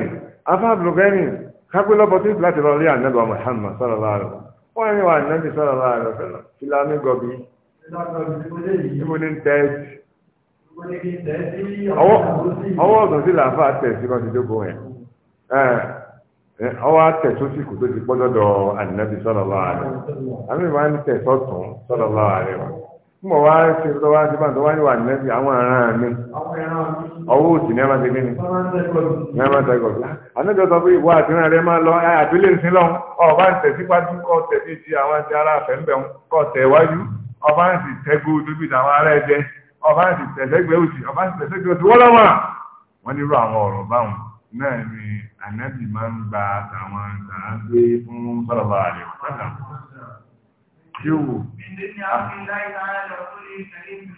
afáàbùrùkẹ́ni kápẹ́ lọ́pọ̀tí láti lọ rí ànábì Muhammad sallallahu alaihi wasallam wọ́n ní wà ànábì sallallahu alaihi wasallam fìlàmì gọ̀bí ìmúni tẹ́ẹ̀tì ọwọ́ ọ̀sán sí làáfà tẹ̀sí kan ti dógún ẹ̀ ọwọ́ àtẹ̀tún sí kò tó ti pọ́ lọ́dọ̀ ànábì sallallahu alaihi wasallam àmì máa ń tẹ̀ sọ́tún sallallahu alaihi wasallam mọ̀ wá ṣe tó wá ṣe bá tó wá ní wà nílẹ́sì àwọn aràn mi ọwọ́ òsì ní ẹ̀ma tẹ́lẹ̀ ni? ní ẹ̀ma tẹ́gọ̀ bí. àníjọ sọ pé ìwọ àti ìrìn rẹ máa lọ àbílẹ̀ sí lọ ọba ń tẹ̀ síwájú kọ́ tẹ̀ sí ti àwọn ti ara àfẹ́ ń bẹ̀ kọ́ tẹ̀ wájú ọba ń sì tẹ́gbó dúdú àwọn ará ẹ̀jẹ̀ ọba ń sì tẹ̀sẹ́gbẹ́ òsì ọba ń sì tẹ̀sẹ́gbẹ́ òsì wọ́n lọ́wọ́ wọn nírú àwọn ọ̀rọ̀ báwọn náà ni ànábì máa ń gba àtàwọn tàà gbé fún sọ́lọ́bà àlè yóò wò.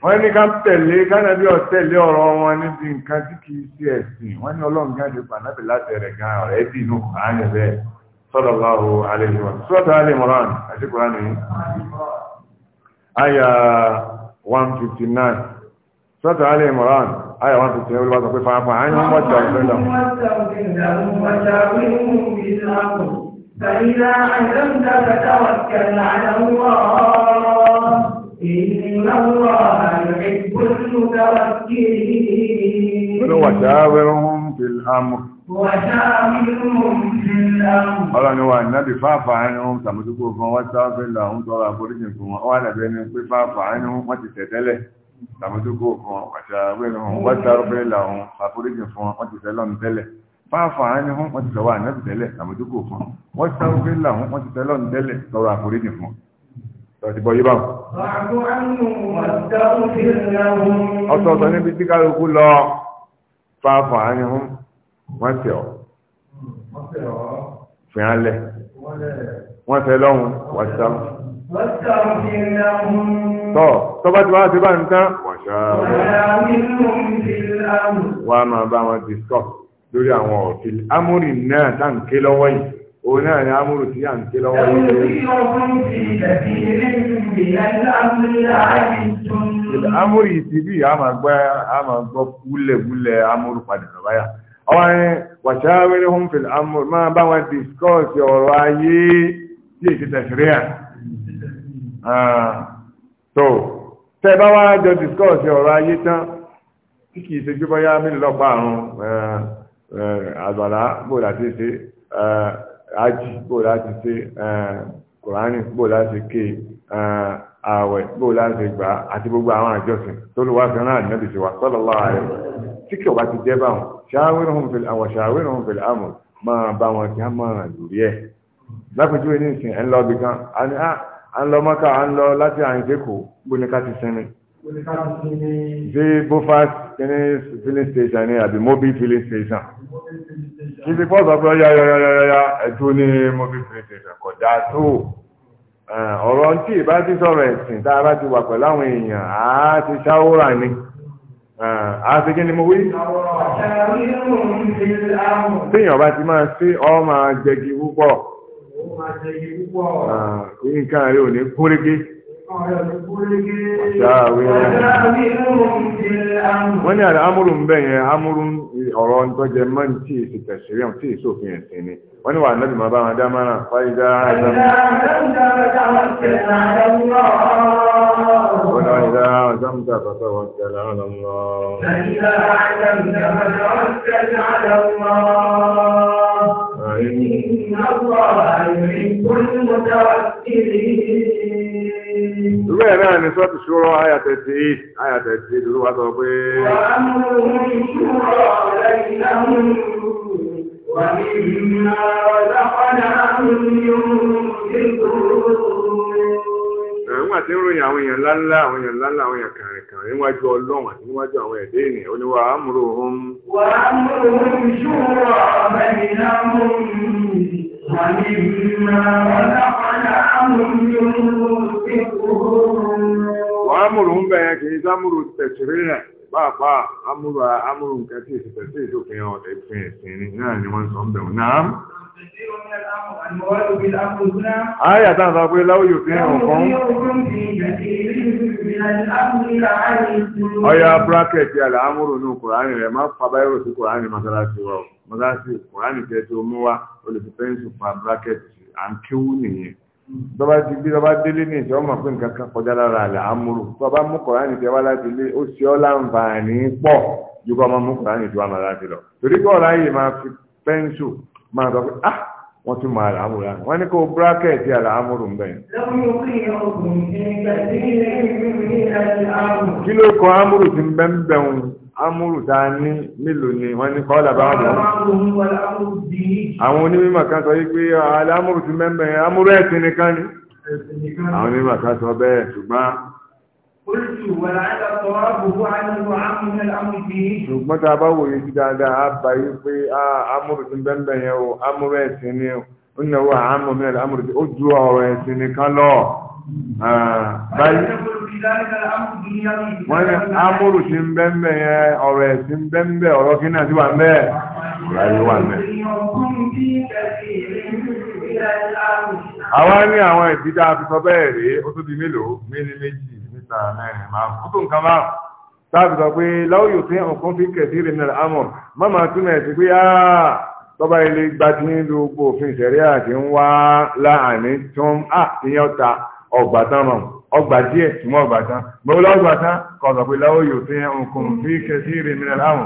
wọ́n ní ká tẹ̀lé kánàbí ọ̀tẹ̀lé ọ̀rọ̀ wọn níbi nǹkan tí kìí sí ẹ̀sìn wọ́n ní ọlọ́run jáde pàdánù láti rẹ̀ gan ọ̀rẹ́ dì inú àánú sọ́dọ̀ láwo àlejò sọ́dọ̀ alẹ́ mọ́rán ni. àyà one fifty nine sọ́dọ̀ alẹ́ mọ́rán àyà olùbásọ̀ pé فإذا عزمت فتوكل على الله إن الله يحب المتوكلين وشاورهم في الأمر Ọlọ́ni wa nábi fáfà ẹni ohun tàbíjúkú fún wọ́n sáfẹ́lá ohun tọrọ àforíjìn fún wọn, wọ́n lẹ́bẹ̀ẹ́ ní pé fáfà wọ́n ti tẹ̀tẹ́lẹ̀ fáfà á ní wọn ti tẹwà ànábì tẹ́lẹ̀ àmójúkò fún wọn ti sáré fílà wọn ti tẹlọ ní tẹ́lẹ̀ lọ́rọ̀ àforíjì fún lọ ti bọ yí báwọn. ọ̀tọ̀ọ̀tọ̀ níbi tí kálukú lọ fáfà á ní wọn wọn tẹ ọ fi hàn lẹ wọn tẹ ti sáré. Tọ́ tọ́ba tí wàá ti bá ń tán, wàṣà wà máa bá wọn discuss. lórí àwọn ọ̀fìn amúrì náà tá ń ké lọ́wọ́ yìí òun náà ni amúrù tí à ń ké lọ́wọ́ yìí amúrì ti bí a máa gbọ́ a máa gbọ́ wúlẹ̀wúlẹ̀ amúrù padà lọ báyà ọwọ́ ẹ wàṣáwẹ́rẹ́ home field máa bá wọn discuss ọ̀rọ̀ ayé tí èsì tẹ̀síríà so àgbàlá eh, bó láti ṣe ájì eh, bó láti ṣe kòránì eh, bó láti ké ààwẹ̀ bó láti gbà àti gbogbo àwọn àjọsìn tó ló wá fẹ́ràn àdínábì sí wa sallallahu alaihi tí kí ọba ti jẹ́ bá wọn shawirhum fil àwọn shawirhum fil amr máa bá wọn kí á máa lórí ẹ̀ lápẹjúwe ní ìsìn ẹ̀ ń lọ bìkan a ní à ah, ń lọ mọ́kà à ń lọ láti àyìnkékòó bó ká ti sinmi. bó ká ti sinmi kíní filling station ní àbí mobil filling station kí ti pọ́ sọ pé ọyá yọyọyọyọ ẹ̀dùn ní mobil filling station kọjá tó ọ̀rọ̀ tí ìbá ti sọ̀rọ̀ ẹ̀sìn tá a bá ti wà pẹ̀lú àwọn èèyàn á ti ṣáwóra ni á ti kí ni mo wí. téèyàn bá ti máa sí ọ máa jẹgi púpọ̀ nǹkan rẹ ò ní kúrégé wọ́n ní àrẹ amúrù ń bẹ̀yẹn amúrù ọ̀rọ̀ ń tọ́jẹ mọ́ ní tí èsì tẹ̀sírí ọ̀hún tí èsì òfin ẹ̀sìn ni wọ́n ní wà nábì máa bá wọn dá mọ́ra fáyidá àjọ. wọ́n náà ìdá àjọmúta àbàtà Ìwé náà ni sọ́ọ̀tù ṣúrọ̀ àyà 38, àyà 38 ló wá sọ pé. Wà ní ìrìnà ọ̀dọ́ kan nígbà tí ń ròyìn àwọn èèyàn ńláńlá àwọn èèyàn ńláńlá àwọn èèyàn kàrin kan níwájú ọlọ́run àti níwájú àwọn ẹ̀dẹ́ ènìyàn oníwà ámúrò ohun. wà á mú ohun ṣúwọ́ àbẹ̀yìnà mú àmì ìmọ̀ ọ̀dàpọ̀dà àmúrò wà á múrò ń bẹ̀yẹn kì í sámúrò tẹ̀sírí rẹ̀ pàápàá ámúrò ámúrò nǹkan tí èsì tẹ̀sí ìtòfin Ààyà tàà sọ pé láwọ́ yóò fi hàn fún. Ọya búrákẹ̀tì àlàámúrò ní Kùránì rẹ̀ máa fa báyọ̀rọ̀ sí Kùránì masalasi wa. Masalasi Kùránì jẹ́ tí ó mú wá olùfi pẹ́ńsù pa búrákẹ̀tì sí à ń kíwú nìyẹn. Tọ́ba ti bí tọ́ba délé ní ìjọ mọ̀ pé nǹkan kan kọjá lára àlàámúrò. Tọ́ba mú Kùránì jẹ wá láti ilé, ó ṣe ọ́ láǹfààní pọ̀ ju kọ́ ọmọ mú Kùránì ju àmàlà ti lọ. Torí kọ́ ọ̀rá yìí máa fi pẹ́ńsù máa sọ pé ah wọ́n tún máa làámù rà wọ́n ní kó bírákẹ̀tì àlàámùrù ń bẹ̀. kí ló kọ àmúrù tí ń bẹ́ ń bẹ̀ wọn àmúrù tá a ní mélòó ni wọ́n ní kọ́lá bá wọn. àwọn onímọ̀ kan sọ wípé ah, àlàámùrù tí ń bẹ́ ń bẹ̀ àmúrù ẹ̀sìn nìkan ni. àwọn onímọ̀ kan sọ bẹ́ẹ̀ ṣùgbọ́n. ṣùgbọ́n tá bá wòye sí dáadáa a bá yí pé amúrù ti bẹ́ẹ̀ yẹn o amúrù ẹ̀sìn ni ó ní ọwọ́ àmọ́ mẹ́rin amúrù ti ó ju ọ̀rọ̀ ẹ̀sìn nìkan lọ. wọ́n ní amúrù ti yẹn ọ̀rọ̀ ẹ̀sìn ọ̀rọ̀ kí náà ti wà mẹ́ta mẹ́rin márùn-ún kútó nǹkan márùn-ún táàbù sọ pé láwùjọ fi hàn kún fi kẹ̀sí rẹ̀ nílẹ̀ amọ̀ mọ́mà túmọ̀ ẹ̀ sí pé á tọ́ba ilé gba ti ń lu gbogbo òfin ìṣẹ̀rí àti ń wá láàánú tún á ìyẹn ta ọgbà tán mọ̀ ọgbà díẹ̀ túmọ̀ ọgbà tán gbogbo lọ́gbà tán kọ̀ sọ pé láwùjọ fi hàn kún fi kẹ̀sí rẹ̀ nílẹ̀ amọ̀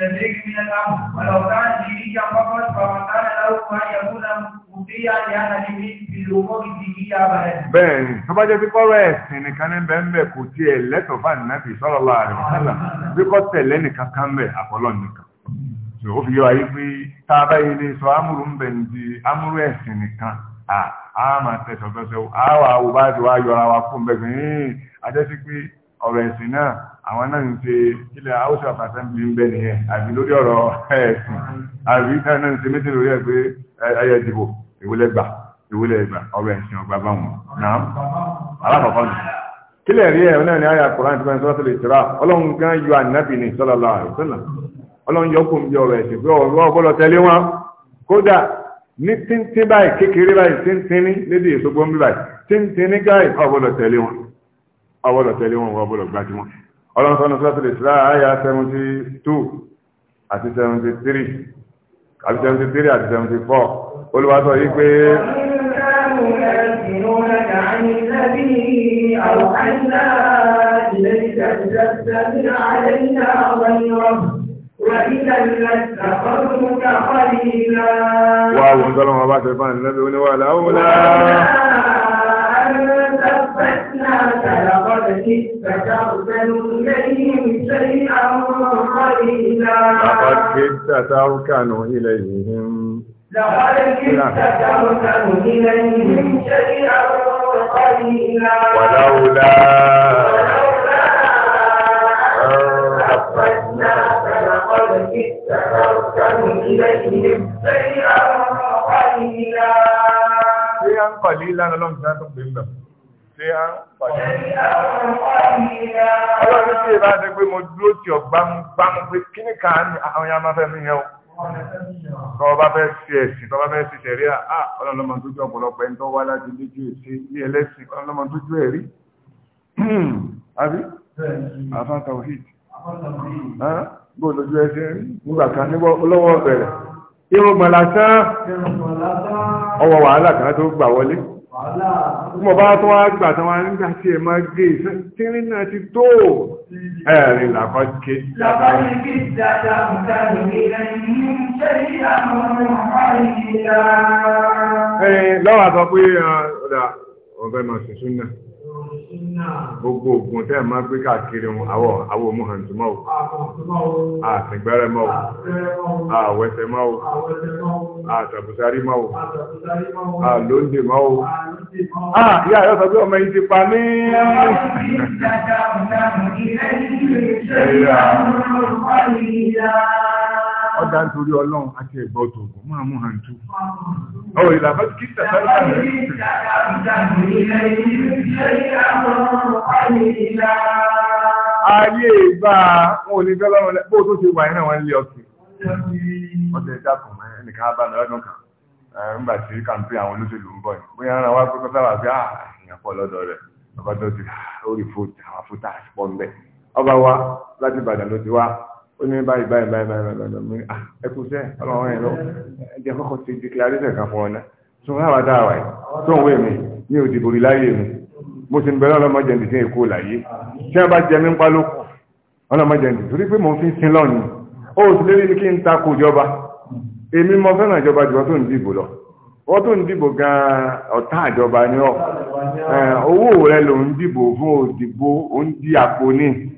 يدركني الأمر ولو كان دينيا فقط فمن كان له ما يكون مطيعا لأحد في الأمور الدينية أبدا. bẹ́ẹ̀ni tó bá Ben, pípọ́ rẹ̀ ẹ̀sìn nìkan ní bẹ́ẹ̀ kò tí ẹ̀ lẹ́tọ̀ọ́ fún ànábì sallallahu alaihi wasallam pípọ́ tẹ̀lé nìkan kan bẹ̀ àpọ̀lọ́ nìkan tó ó fi yọ ayé pé tá amuru bá yẹ lè Ah, amúrú ń bẹ̀ awa di amúrú ẹ̀sìn awa a máa tẹ̀sọ̀ fẹsẹ̀ ọ̀rọ̀ ẹ̀sìn náà àwọn náà ń ṣe ilẹ̀ house of assembly ń bẹ nìyẹn àbí lórí ọ̀rọ̀ ẹ̀sìn àbí náà ń ṣe mítìn lórí ẹ̀ pé ẹyẹ ìdìbò ìwúlẹ̀ gbà ìwúlẹ̀ gbà ọ̀rọ̀ ẹ̀sìn ọgbà báwọn náà alákọ̀ọ́kọ́ ni kílẹ̀ rí ẹ̀ náà ni àyà Kùránì tó ń sọ́tò lè tẹ̀ra ọlọ́run gan yọ ànábì ní sallallahu alaihi wasallam ọlọ́run yọ kùn bí ọ̀rọ̀ ẹ̀sìn pé ọ̀rọ̀ ọgbọ́lọ̀ tẹ̀lé wọn kódà ní tíntín báyìí kékeré báyìí tíntín ní lédè èso gbọ́n bí báyìí tíntín ní gáì ọgbọ́lọ̀ tẹ̀lé wọn ọwọ́dọ̀ tẹ̀lé wọn wọ́n bọ́lọ̀ gbájúmọ́ ọlọ́nsọ́nà sọ́tìlẹ̀ sílá àyà 72 àti 73 àti 73 àti 74 olùwàsọ yìí pé Wà wọ́n tọ́lọ́wọ́ bá tẹ̀fà nílẹ́bí oníwà láúlá. لقد جئت تركن إليهم شيئا قليلا لقد جئت تركن إليهم لقد جئت تركن إليهم شيئا قليلا ولولا لقد جئت تركن إليهم شيئا قليلا kọ̀lí ìlànà ọlọ́run tí wọ́n tó pè ń bẹ̀. Ṣé á pàdé? Ọlọ́run tí ìbá ṣe pé mo dúró tí ọ gbámúgbámú pé kí ní kàá ní àwọn ya máa fẹ́ mi yẹn o. Tọ́ bá fẹ́ ṣe ẹ̀sìn, tọ́ bá fẹ́ ṣe ṣẹ̀rí à, ọlọ́run lọ́mọ tó jẹ́ ọ̀pọ̀lọpọ̀ ẹni tó wá láti lójú èsì ní ẹlẹ́sìn, ọlọ́run lọ́mọ tó jẹ́ ẹ̀rí. Àbí? Àfáàtà òhìd. Bó lójú ẹsẹ̀ nígbà kan nígbà olówó ọ̀bẹ̀rẹ̀ irùngbọ̀n lásán ọwọ́ wàhálà kan tó gbà wọlé mọ̀ bá tó wá gbà tán wá nígbà tí ẹ máa gbé ìfẹ́ tírín náà ti tó ẹ̀rìn làkọ́kí lọ́wọ́ àtọ́ pé ọ̀dà ọ̀gá ìmọ̀ ṣùṣú náà gbogbo ògùn tẹ́ máa gbé káàkiri wọn àwọ̀ àwọ̀ mọ́hàntúmọ́ ò àtìgbẹ́rẹ́ mọ́ ò àwẹ̀sẹ̀ mọ́ ò àtàbùsárí mọ́ ò àlóńdè mọ́ ò ìyá àyọ́ sọ pé ọmọ yìí ti pa mí. ẹ̀yà ọdá nítorí ọlọ́run àti ẹ̀gbọ́ ọ̀tọ̀ọ̀gbọ̀ máa mú hàn tú. ọ̀rọ̀ ìlàbá kí tàbí ayé ìgbà wọn ò ní fẹ́ lọ́wọ́ bó tó ṣe wà iná wọn lé ọkì ọ̀tẹ̀ ìdákùn ẹnìkan bá lọ lọ́dún kan nígbà tí kàǹpé àwọn olóṣèlú ń bọ̀ yìí bóyá ara wa pé kọ́sára ah, bí àyàn pọ̀ lọ́dọ̀ rẹ̀ ọba tó ti ah, rí fóòtù àwọn fóòtù àti pọ́ńbẹ́ ọba wa láti Ìbàdàn ló ti wá ó ní báyìí báyìí báyìí báyìí báyìí báyìí ah ẹkú sẹ Ọlọ́run yẹn lọ ẹjẹ kọ́kọ́ ti declaration kan fún ọ ná tó ń hàwá dáhà wáyé tó ń wé mi mi ò dìbò rí láyé mi mo sì ń bẹ̀rẹ̀ ọlọ́mọdé ní ìdíyẹ kó láyé tí wọ́n bá jẹ mí ń pa ló kù ọlọ́mọdé ní torí pé mo fi ń sin lọ́ọ̀nì ó sì lérí ní kí n ta kò jọba èmi mo fẹ́ràn ìjọba jù tó ń dìbò lọ wọ́n tó ń dìbò gan-an ọ̀tá àjọba ni ọ́ owó rẹ ló ń dìbò fún òdìbò ó ń di àpò ní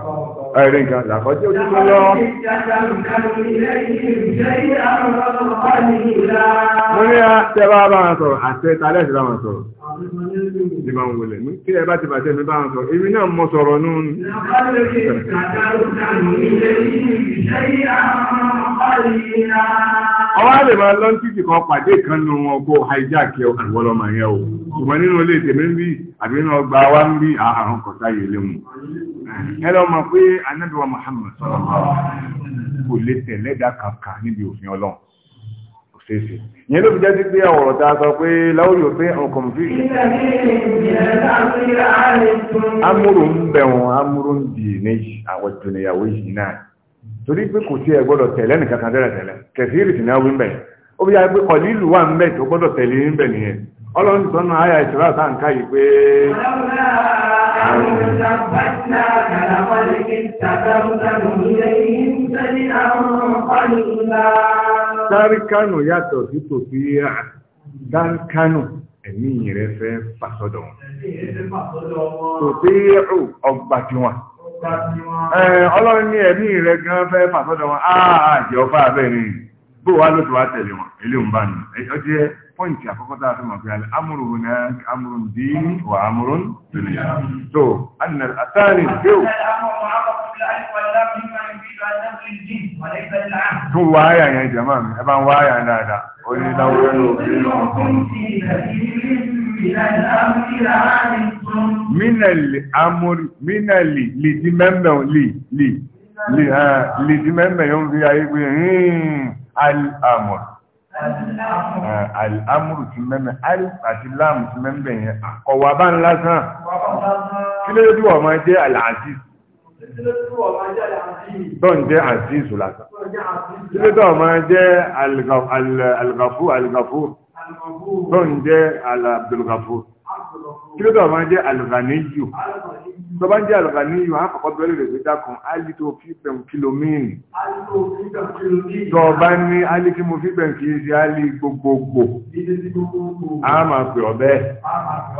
ẹ̀rí nǹkan làkọ́jẹ́ ojú lọ. mo ní a tẹ́ bá bá wọn sọ̀rọ̀ àti ẹ̀ta lẹ́sìn bá wọn sọ̀rọ̀ ìbá ń wọlẹ̀ mú tí ẹ bá ti bàtẹ́ mi bá ń sọ èmi náà mọ́ sọ̀rọ̀ nú ní ọwá lè máa lọ títì kan pàdé kan nù wọn kó hijack ẹ àwọlọmọ yẹn o ṣùgbọ́n nínú ilé tèmi ń bí àbí náà gba wá ń bí àrùn kọ̀tà yìí lé mu ẹ lọ pé anábìwá Muhammad sọ̀rọ̀ kò lè tẹ̀lẹ́dà kàkà níbi òfin Ọlọ́run ṣeéṣe ìyẹn ló fi jẹ́ sí pé ọ̀rọ̀ tá a sọ pé láwùjọ pé ọkàn fi. amúrò ń bẹ̀ wọn amúrò ń di àwọn yìí náà torí pé kò sí ẹ nìkan kan ìrìsì náà wí ń ó fi yà pé wà ń tó ń nìyẹn ọlọ́run tó ìṣòro pé ọlọ́run táríkánù yàtọ̀ sí tòfí à táríkánù ẹ̀mí rẹ̀ fẹ́ pàṣọ́dọ̀ wọn tòfí ẹ̀rù ọgbà wọn ọlọ́run ní ẹ̀mí rẹ̀ gan fẹ́ pàṣọ́dọ̀ wọn ààjẹ́ ọba abẹ́rin bó wá ló ti wá tẹ̀lé wọn ilé bá nù jẹ́ pọ́ǹtì àkọ́kọ́ tá a fẹ́ mọ̀ dín wà tó àná tún wá àyà yẹn jẹ̀mọ́ mi ẹ bá ń wá àyà yẹn dáadáa ó ní láwùrọ̀ ẹnu òfin mínàlì amúrí mínàlì lìdí mẹ́mẹ́ lì lì lìdí mẹ́mẹ́ yóò fi ayé pé al'amur hmm, al'amuru ti mẹ́mẹ́ alif àti láàmù ti mẹ́mẹ́ yẹn ọ̀wà bá ń lásán kí ló dé wọ́n máa jẹ́ al'aziz Tọ́n jẹ́ àzízù lásán. Ilé tọ́ máa jẹ́ alìgàfú alìgàfú. Tọ́n jẹ́ alàbdùlgàfú. Ilé tọ́ máa jẹ́ alìgàníyù. Tọ́ bá jẹ́ alìgàníyù, a kọ̀kọ́ bẹ̀rẹ̀ rẹ̀ gbéjà kan, alì tó fi pẹ̀m kìlómìnì. Tọ́ bá ní alì kí mo fi pẹ̀m kìí ṣe alì gbogbogbò. A máa pè ọ bẹ́ẹ̀.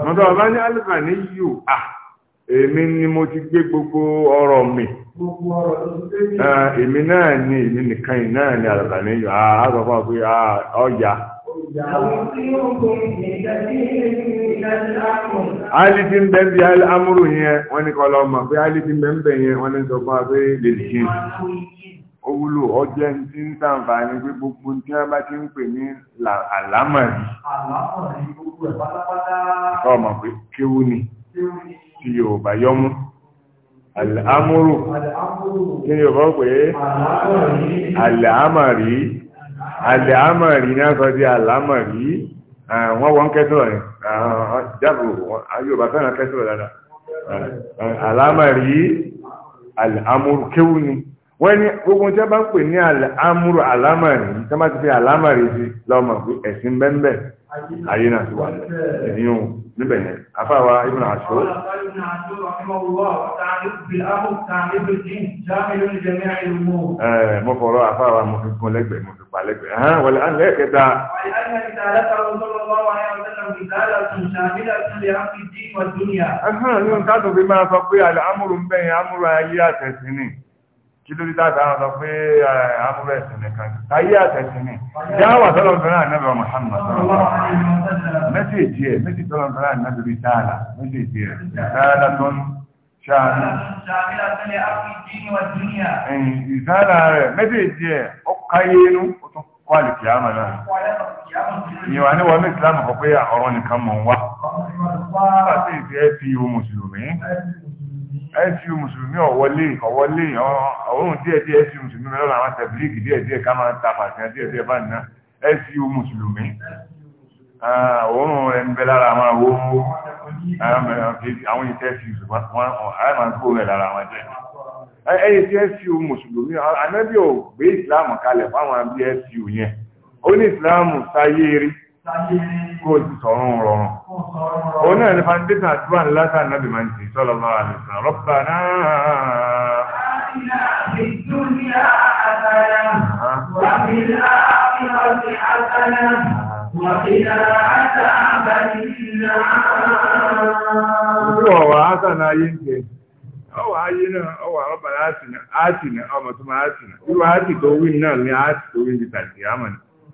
Mọ̀tọ́ bá ní alìgàníyù, ah èmi ni mo ti gbé gbogbo ọ̀rọ̀ mi ah, èmi náà ni èmi nìkan yìí náà ni àlàlà ah, ah, ní yọ àgbàfà pé ọjà. Ali ti ń bẹ́ bí amúrù yẹn wọ́n ní kọlọ ọmọ pé Ali ti ń bẹ́ ń bẹ̀ yẹn wọ́n ní sọ fún wa pé lè ṣe ó wúlò ọjọ́ tí ń sàǹfà pé gbogbo tí wọ́n bá ti ń pè ní àlámọ̀rí. Àlámọ̀rí gbogbo ẹ̀ pátápátá. Ọmọ pé kéwú ni. Kéwú ni tí yóò bá yọmú àlàámúrù kí ni yóò pé àlàámàrí àlàámàrí náà sọ sí àlàámàrí wọ́n wọ́n kẹ́sọ̀rọ̀ ni jábò yóò bá fẹ́ràn kẹ́sọ̀rọ̀ dáadáa àlàámàrí àlàámúrù kéwù ni wọ́n ní gbogbo tí a bá ń pè ní àlàámúrù àlàámàrí tí a bá ti fi àlàámàrí sí lọ́mọ pé ẹ̀sìn bẹ́ẹ̀ bẹ́ẹ̀ ayé náà ti wà ìdíyàn níbẹ̀ yẹn afáwa ibùn àṣọ mo fọ̀rọ̀ afáwa mo fi kún lẹ́gbẹ̀ẹ́ mo fi pa lẹ́gbẹ̀ẹ́ ẹ̀hán wọlé alẹ́ kẹta ẹ̀hán ní ọ̀tá tó fi máa sọ pé àmúrù ń bẹ̀yẹn àmúrù ayé àtẹ̀sí ni nítorí táàtà àwọn sọ pé àmúrẹ̀ ìsìnlẹ̀ kan ayé àtẹ̀sìnì jáwà sọ́lọ̀ tó náà nẹ́bẹ̀ Muhammad mẹ́sẹ̀jì ẹ̀ mẹ́sẹ̀jì sọ́lọ̀ tó náà nẹ́bẹ̀ rí tààlà mẹ́sẹ̀jì ẹ̀ tààlà tó ń ṣàánú ìtààlà rẹ̀ mẹ́sẹ̀jì ẹ̀ ó káyé inú ó tún ẹ́sìú mùsùlùmí ọ̀wọ́lé ọ̀wọ́lé ọ̀rùn díẹ̀díẹ̀ ẹ́sìú mùsùlùmí lọ́la àwọn tẹ̀blíkì díẹ̀díẹ̀ ká máa ta màsíyàn díẹ̀díẹ̀ bá nìyà ẹ́sìú mùsùlùmí ọ̀rùn rẹ̀ ń bẹ lára àwọn awóró àwọn ìtẹ́ ẹ́sìú ṣùgbọ́n àìmọ̀ ń kó rẹ̀ lára àwọn jẹ́ ẹ̀yẹ tí ẹ́sìú mùsùlùmí anábì ò gbé ìsìláàmù kalẹ̀ fáwọn bí ẹ́sìú yẹn ó ní ìsìláàmù sáyé rí kó sọ̀rún rọrùn. Òun náà ni Fandita náàbì máa ń ti sọ́lọ̀ bá àmì sàn rọ́pà náà. Ìjọ́ ọ̀wà Ásànà ayé ń jẹ. Ọwà ayé náà, ọwà rọ́pà láti náà, ní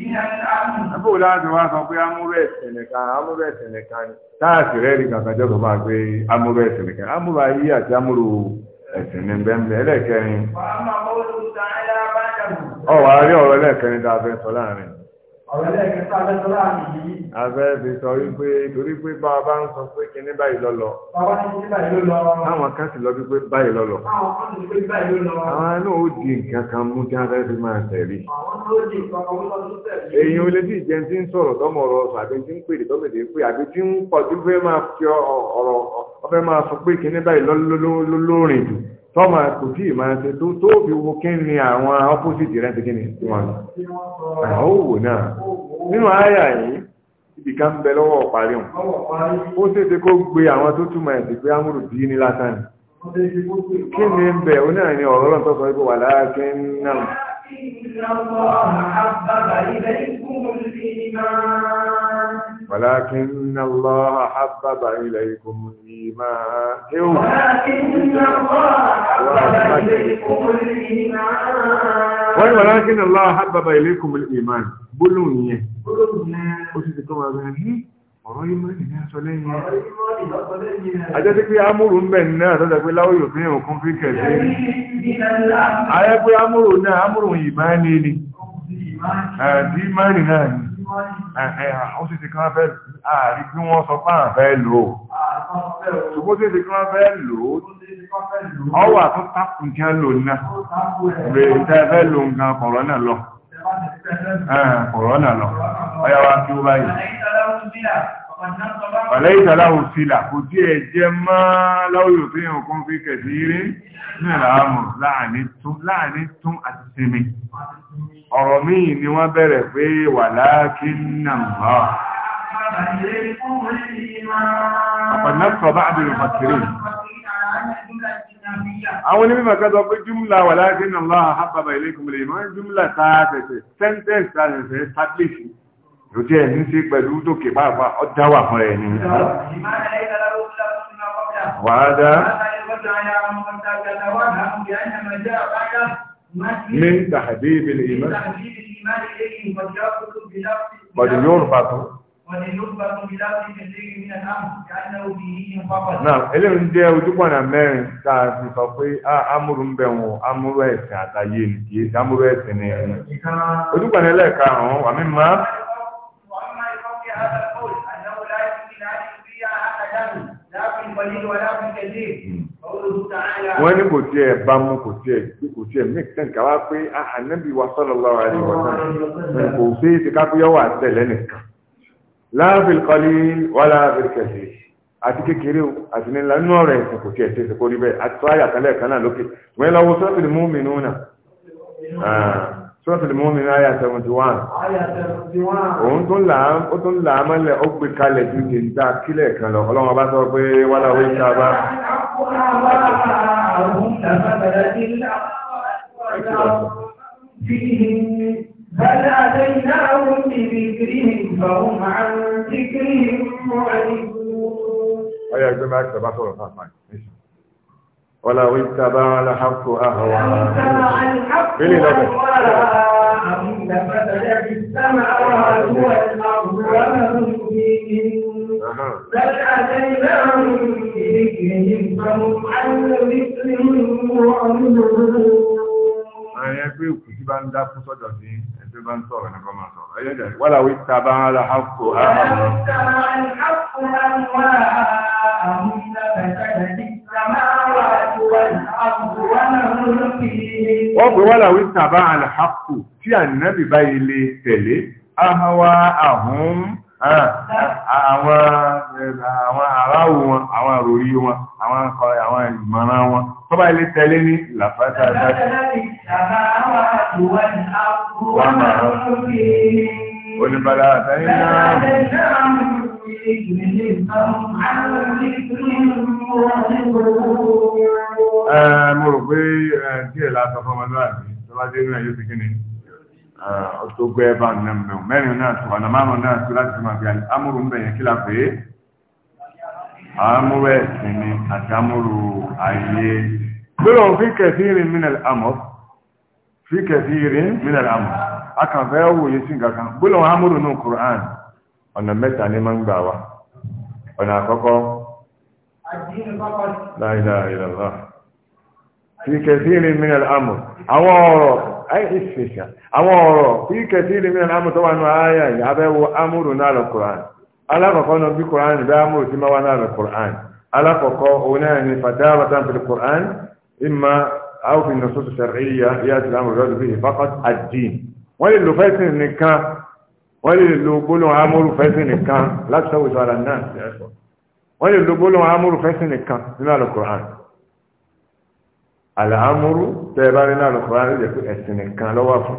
Ẹgbẹ́ òdá ti wá sọ pé amúrẹ́ ni. Táàsì rẹ̀ rí kankan jọ́ bàbá pé amúrẹ́ ìṣẹ̀lẹ̀ ayé àti amúrò ẹ̀sìn ní bẹ́ẹ̀ ẹlẹ́kẹrin. Ọ̀wà rí ọ̀rọ̀ Abẹ́ fi sọ wípé torí pé bá bá ń sọ pé kíní báyìí lọ́lọ́. Àwọn kan sì lọ wípé báyìí lọ́lọ́. Àwọn náà ó di nǹkan kan mú kí abẹ́ fi máa tẹ̀lé. Èyàn olè tí ìjẹun ti ń sọ̀rọ̀ tọ́mọ ọ̀rọ̀ ọ̀sọ̀ àbí tí ń pè tọ́mọ èdè pé àbí tí ń pọ̀ tí ó fẹ́ máa fi ọ̀rọ̀ ọ̀fẹ́ máa sọ pé kíní báyìí lọ́lọ́rin jù tọ́mà kò tí ì máa ṣe tó fi wo kí ni àwọn ọ́pọ́sìtì rẹ̀ ti kí ni wọ́n àwọn òwò náà nínú àyà yìí ibì kan bẹ lọ́wọ́ ọ̀parí hùn ó ṣèṣe kó gbé àwọn tó túmọ̀ ẹ̀sìn pé amúrù bí ní lásán kí ni ń bẹ̀ ó náà ni ọ̀rọ̀ lọ́n sọ pé wà láàkín náà إن الله حبب إليكم الإيمان ولكن الله حبب إليكم الإيمان ولكن الله حبب إليكم الإيمان بلوني بلوني بلوني ọ̀rọ̀ ìmọ̀lì ní aṣọ lẹ́yìn rẹ̀. ajẹ́ tí pé amúrù ń bẹ̀ náà tọ́jọ́ pé láwọ́ yóò fi hàn kún fíkẹ̀ sí i. ayẹ́ pé amúrù náà amúrù ìmáni ni àti ìmáni náà ni ó sì ti kán fẹ́ ààrí bí wọ́n sọ fáà fẹ́ lò ó. ṣùgbọ́n sì ti kán fẹ́ lò ó. ọwọ́ àtúntàkùn kí á lò náà. bèèrè tẹ́ fẹ́ lò nǹkan kọ̀rọ̀ náà lọ. Kọ̀rọ̀ wa kí ó báyìí ọ̀lẹ́yìn tàláwò sílà kò tí ẹ jẹ mọ́ láwòyò tí yàn kún fi kẹ̀sí rí nílà àmọ̀ láàrin tún àti sinmi ọ̀rọ̀ míì ni wọ́n bẹ̀rẹ̀ pé wà láàkínà mọ́ ọ̀pọ̀lọpọ̀ bá àwọn onímọ̀ kan pé jùmlà wà láàkínà mọ́ àhábàbà ilé ìkùnlẹ̀ ìmọ̀ jùmlà tààtẹ̀tẹ̀ sẹ́ntẹ́ǹsì tààtẹ̀tẹ̀ tó tí ẹ̀yìn sí pẹ̀lú tókè pàápàá ọdá wà fún ẹni wàádá min tàbí ìbìlì ìmọ̀ pọ̀dù yóò rùpa tó náà eléyìn jẹ́ ojúpọ̀nà mẹ́rin táa fi sọ pé amúrú ń bẹ̀ wọn amúrú ẹ̀sìn àtàyè nìkí amúrú ẹ̀sìn ni ẹ̀yìn ojúpọ̀nà ẹlẹ́ẹ̀karùn-ún wà mímọ́ هذا القول أنه لا يمكن أن يبيع أحدا لا في قليل ولا في كثير قوله تعالى wọ́n ní kò tiẹ̀ bá mú kò tiẹ̀ bí kò tiẹ̀ mẹ́kàn ká wá pé ànábì wa sallallahu alaihi wa sallam kò sí ti ká nìkan la fil qalil wala fil àti kékeré o àti nílá inú ọ̀rọ̀ ẹ̀sìn kò tiẹ̀ tẹ̀sẹ̀ kó bẹ́ẹ̀ àti tó àyàkálẹ̀ kan náà lókè wọ́n lọ́wọ́ sọ́ọ̀tì mú mi nù náà sọ́ọ̀tì mọ́mí ní àyà 71 òun tó ń là á mọ́lẹ̀ ó gbé kalẹ̀ ju kèjìdá kílẹ̀ kan lọ ọlọ́wọ́n bá sọ pé wọ́n láwé ká bá Ọya ìgbé máa kẹ̀bá sọ̀rọ̀ fáfáì. ولو اتبع الحق أهواءهم إلي لك لفسدت السماوات والأرض ومن فيهن بل أتيناهم بذكرهم فهم عن ذكرهم معرضون Àyẹ́ pé òkú tí bá ń dá fún sọ́jọ́ sí ẹgbẹ́ bá ń sọ̀rọ̀ tàbá aláhàkó àmàrà. Wọ́n làwí tàbá aláhàkó àmàrà wọ́n pè wọ́n làwí tàbá àlàáfù tí ànábì bá ilé tẹ̀lé ahawa ahun àwọn aráwò wọn àwọn àròyí wọn àwọn akọrẹ àwọn ìmọ̀ràn wọn tó bá ilé tẹ̀lé ní làfáàtà dájú wọ́n máa oníbàlá mo rò pé díẹ̀ la sọ fún ọmọlúwàbí tó bá dé inú ẹ̀ yóò fi kíni ọtó gbé ẹ bá nà mẹ́wọ̀n mẹ́rin náà tó ọ̀nà márùn náà tó láti máa fi àyè amúrú ń bẹ̀ yẹn kí la pè é amúrú ẹ̀sìn ni àti amúrú ayé gbọ́dọ̀ fi kẹ̀sí rìn mínal amọ̀ fi kẹ̀sí rìn mínal amọ̀ a kàn fẹ́ wòye sí nǹkan kan gbọ́dọ̀ amúrú nù Qur'an ọ̀nà mẹ́ta ni máa ń gbà wá ọ̀nà àkọ́kọ́ la ilaha fi kẹsìrì mi nàlẹ́ àmọ̀ àwọn ọ̀rọ̀ ayé ìṣèṣà àwọn ọ̀rọ̀ fi kẹsìrì mi nàlẹ́ àmọ̀ tó wà nù ayé yìí abẹ́wò amúrù náà lọ kùránì alákọ̀ọ́kọ́ náà bí kùránì bẹ́ẹ̀ amúrù ti máa wà náà lọ kùránì alákọ̀ọ́kọ́ òun náà ni fatawa tán fi kùránì ìmà أو في النصوص الشرعية يأتي الأمر الرجل به فقط الدين وللو فاسن نكان وللو قولوا عمر فاسن نكان لا تسوي على الناس يا إخوة وللو قولوا عمر فاسن نكان من القرآن àlàámúrú tẹ́ ẹ bá rí náà lọ́kọ̀ọ́ láti jẹ́ pé ẹ̀sìn nìkan lọ́wọ́ fún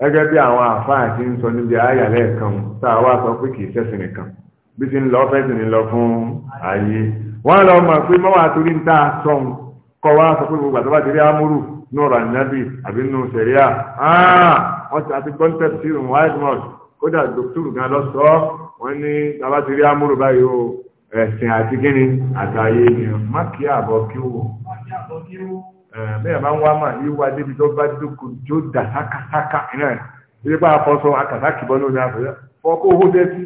gẹ́gẹ́ bí àwọn àfáà ti ń sọ níbi ayà lẹ́ẹ̀kan tá a wá sọ pé kì í ṣẹ̀sìn nìkan bí ti ń lọ fẹ́sìn ní lọ fún ayé wọ́n lọ mọ̀ pé mọ́wàá torí ń tá a sọ kọ́ wá sọ pé gbogbo àtọ́bá ti rí amúrù nù rànnábì àbí nù sẹ̀ríà wọ́n ti àti gbọ́ntẹ́ sí ìrùn whitemouth kódà dòkítùrù gan lọ sọ wọ́n ní tàbá ti rí amúrù báyìí o ẹ̀sìn àti gíní àtàyè ènìyàn má kí àbọ̀ kí wò bẹ́ẹ̀ máa ń wá mà yíwá débi tó bá dúkù jó dà sákàsákà náà ilé pa àfọsọ àkàsákì bọ́ lónìí àfẹ́yà fọkó owó dẹ́sí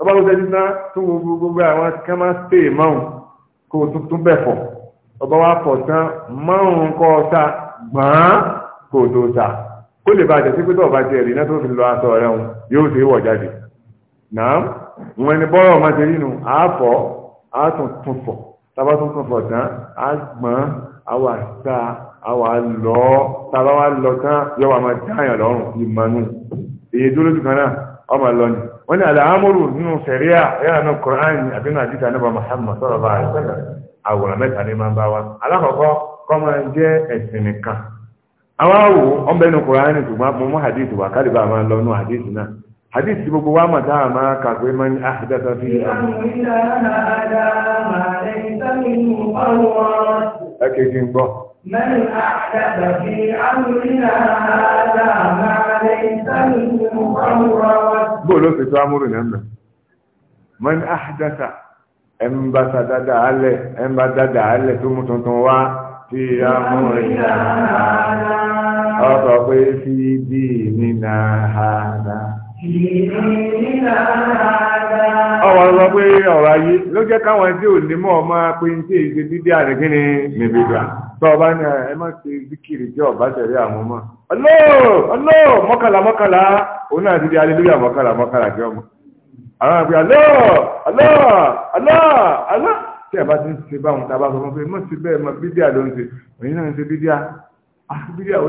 ọba ló dẹ́sí náà tó gbogbo àwọn kẹ́mà stè márùn kó tuntun bẹ̀ fọ̀ ọba wa pọ̀ tán márùn kọ́ ọ̀sà gbọ́n kò tó ta kó lè bàjẹ́ sí pé tó ọba jẹ́ rí náà tó fi lọ aṣọ rẹ̀ hùn yóò ṣe é wọ̀ jáde náà wọn ni àwa ta àwa lọ tàbá wa lọ tán yọ wà máa dáyàn lọ́rùn ìmọ̀nù èyí dúró ọmọ lọ ni wọ́n ní àlàámúrù nínú sẹ̀ríà yàrá náà kọ́ránì àbí náà àdìsá nípa Muhammad sọ̀rọ̀ bá àìsàn àwòrán mẹ́ta ní máa ń bá wa alákọ̀ọ́kọ́ kọ́ máa jẹ́ ẹ̀sìn nìkan àwọn àwò ọ̀bẹ́nu hadith wà máa lọ nú hadith náà حديث بقوة ما دام كف من أحدث في أمرنا هذا ما ليس منه مقرر نعم. من أحدث في أمرنا هذا ما ليس منه مقرر من أحدث أنبسط دال أنبسط دال ثم تنتوى في أمرنا هذا أطفي في ديننا هذا ọwọ́ ọ̀rọ̀ pé ọ̀rọ̀ ayé ló jẹ́ káwọn tí ò ní mọ̀ ọmọ pé ń tí èdè dídí àrẹ̀ kí ni mẹ́bẹ̀dà tó ọba ní ẹ má ṣe zikiri jẹ́ ọba tẹ̀lé àwọn ọmọ ọlọ́ ọlọ́ mọ́kànlá mọ́kànlá òun náà ti di aleluya mọ́kànlá mọ́kànlá jẹ́ ọmọ àwọn àgbẹ̀ ọlọ́ ọlọ́ ọlọ́ ọlọ́ tí ẹ̀bá ti ń a bá sọ fún pé mọ̀ sí bẹ́ẹ̀ mọ bídíà ló ń ṣe òyìn náà ń ṣe bídíà ah, bídíà wo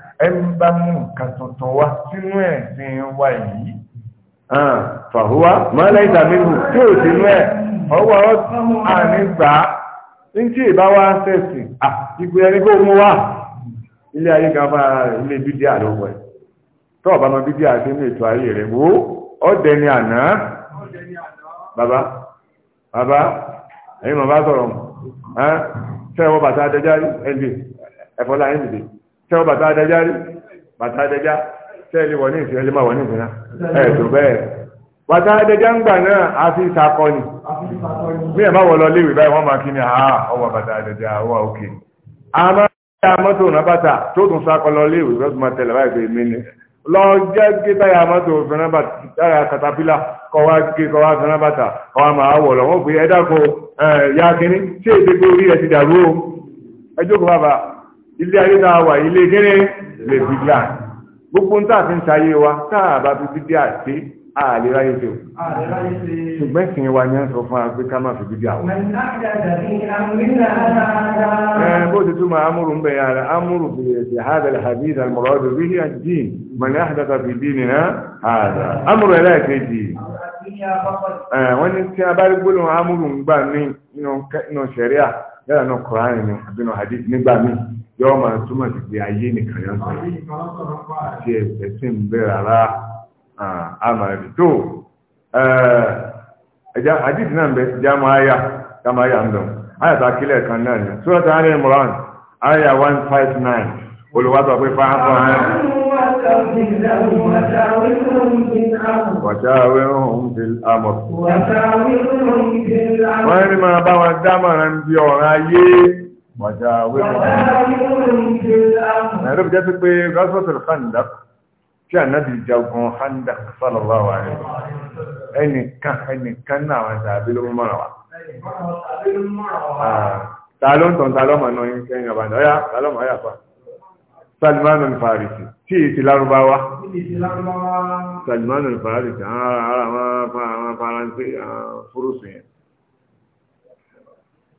ẹ ń bá mú nǹkan tuntun wá sínú ẹ̀sìn wa yìí fàhúwá mọ́lẹ́ ìdàmínú tí ò sínú ẹ̀ ọwọ́ ànígbà ń tí ìbá wá sẹ́sìn ìgbé ẹni kó mú wá ilé ayé kan fara rẹ̀ ilé bídí àlọ́wọ́ ẹ̀ tó ọ̀bá mọ bídí àti ní ètò ayé rẹ̀ wó ọ̀dẹ ni àná bàbá bàbá ẹ̀yin mọ̀ bá sọ̀rọ̀ sẹ́wọ́n bàtà adẹ́járí ẹ̀lẹ́ ẹ̀fọ́lá ẹ̀yìn dìde tẹ́ ọ bàtà adájá rí bàtà adájá tẹ́ wọ̀ ní ìsìn ẹ lè wọ̀ ní ìsìn bẹ́ẹ̀ bàtà ń gbà náà a fi sakọ ni bí ẹ wọ̀ lọ léwì báyìí wọ́n máa kí ni àá ọwọ́ bàtà adájá ọwọ́ òkè àmọ́ ẹ mọ́tò náà bàtà tó tún lọ léwì bẹ́ẹ̀ tó máa tẹ̀lé báyìí ni lọ jẹ́ gé táyà bàtà ilé ayé tá a wà ilé kíní lè fi gbà gbogbo ń tàbí ń sayé wa tá a bá fi bídí àti àlera yìí tó ṣùgbọ́n ìsìn wa ni a ń sọ fún wa pé ká má fi bídí àwọn. bó ti túmọ̀ amúrù ń bẹ̀ yára amúrù bí ẹ̀sẹ̀ hadal hadith al-muradu bihi ad-din man ahdatha fi dinina hadha amúrù ẹlẹ́ẹ̀kejì wọ́n ní tí a bá rí gbólóhùn amúrù ń gbà ní inú sẹ̀ríà yálà náà Kùránì yọọ ma túmọ̀ sí ayé nìkan yóò sọ àti ẹ̀sẹ̀ sí ń bẹ rárá àmàlẹ́ tó ẹja àdìsí náà bẹ jámọ́ ya jámọ́ àyà ń bẹ̀ àyà tá a kílẹ̀ kan náà ni sọ́dọ̀ tá a ní ìmọ̀ràn àyà one five nine Wọ́n ní bá wọn bí ọ̀rọ̀ ayé. ẹ̀rọ jẹ́ pé rásọ́tìl handak tí a náà di jagun handak sallallahu alaihi ẹnìkan ẹnìkan náà wọn tàbí ló mọ́ra wa ah, tààlọ́ ń tàn tààlọ́ mọ̀ náà yín kẹ́yìn ọ̀bàdàn ọ̀yá tààlọ́ mọ̀ ọ̀yá pa Salman al-Farisi tí ìtì lárúbáwá Salman farisi àwọn ará àwọn fúrúsù yẹn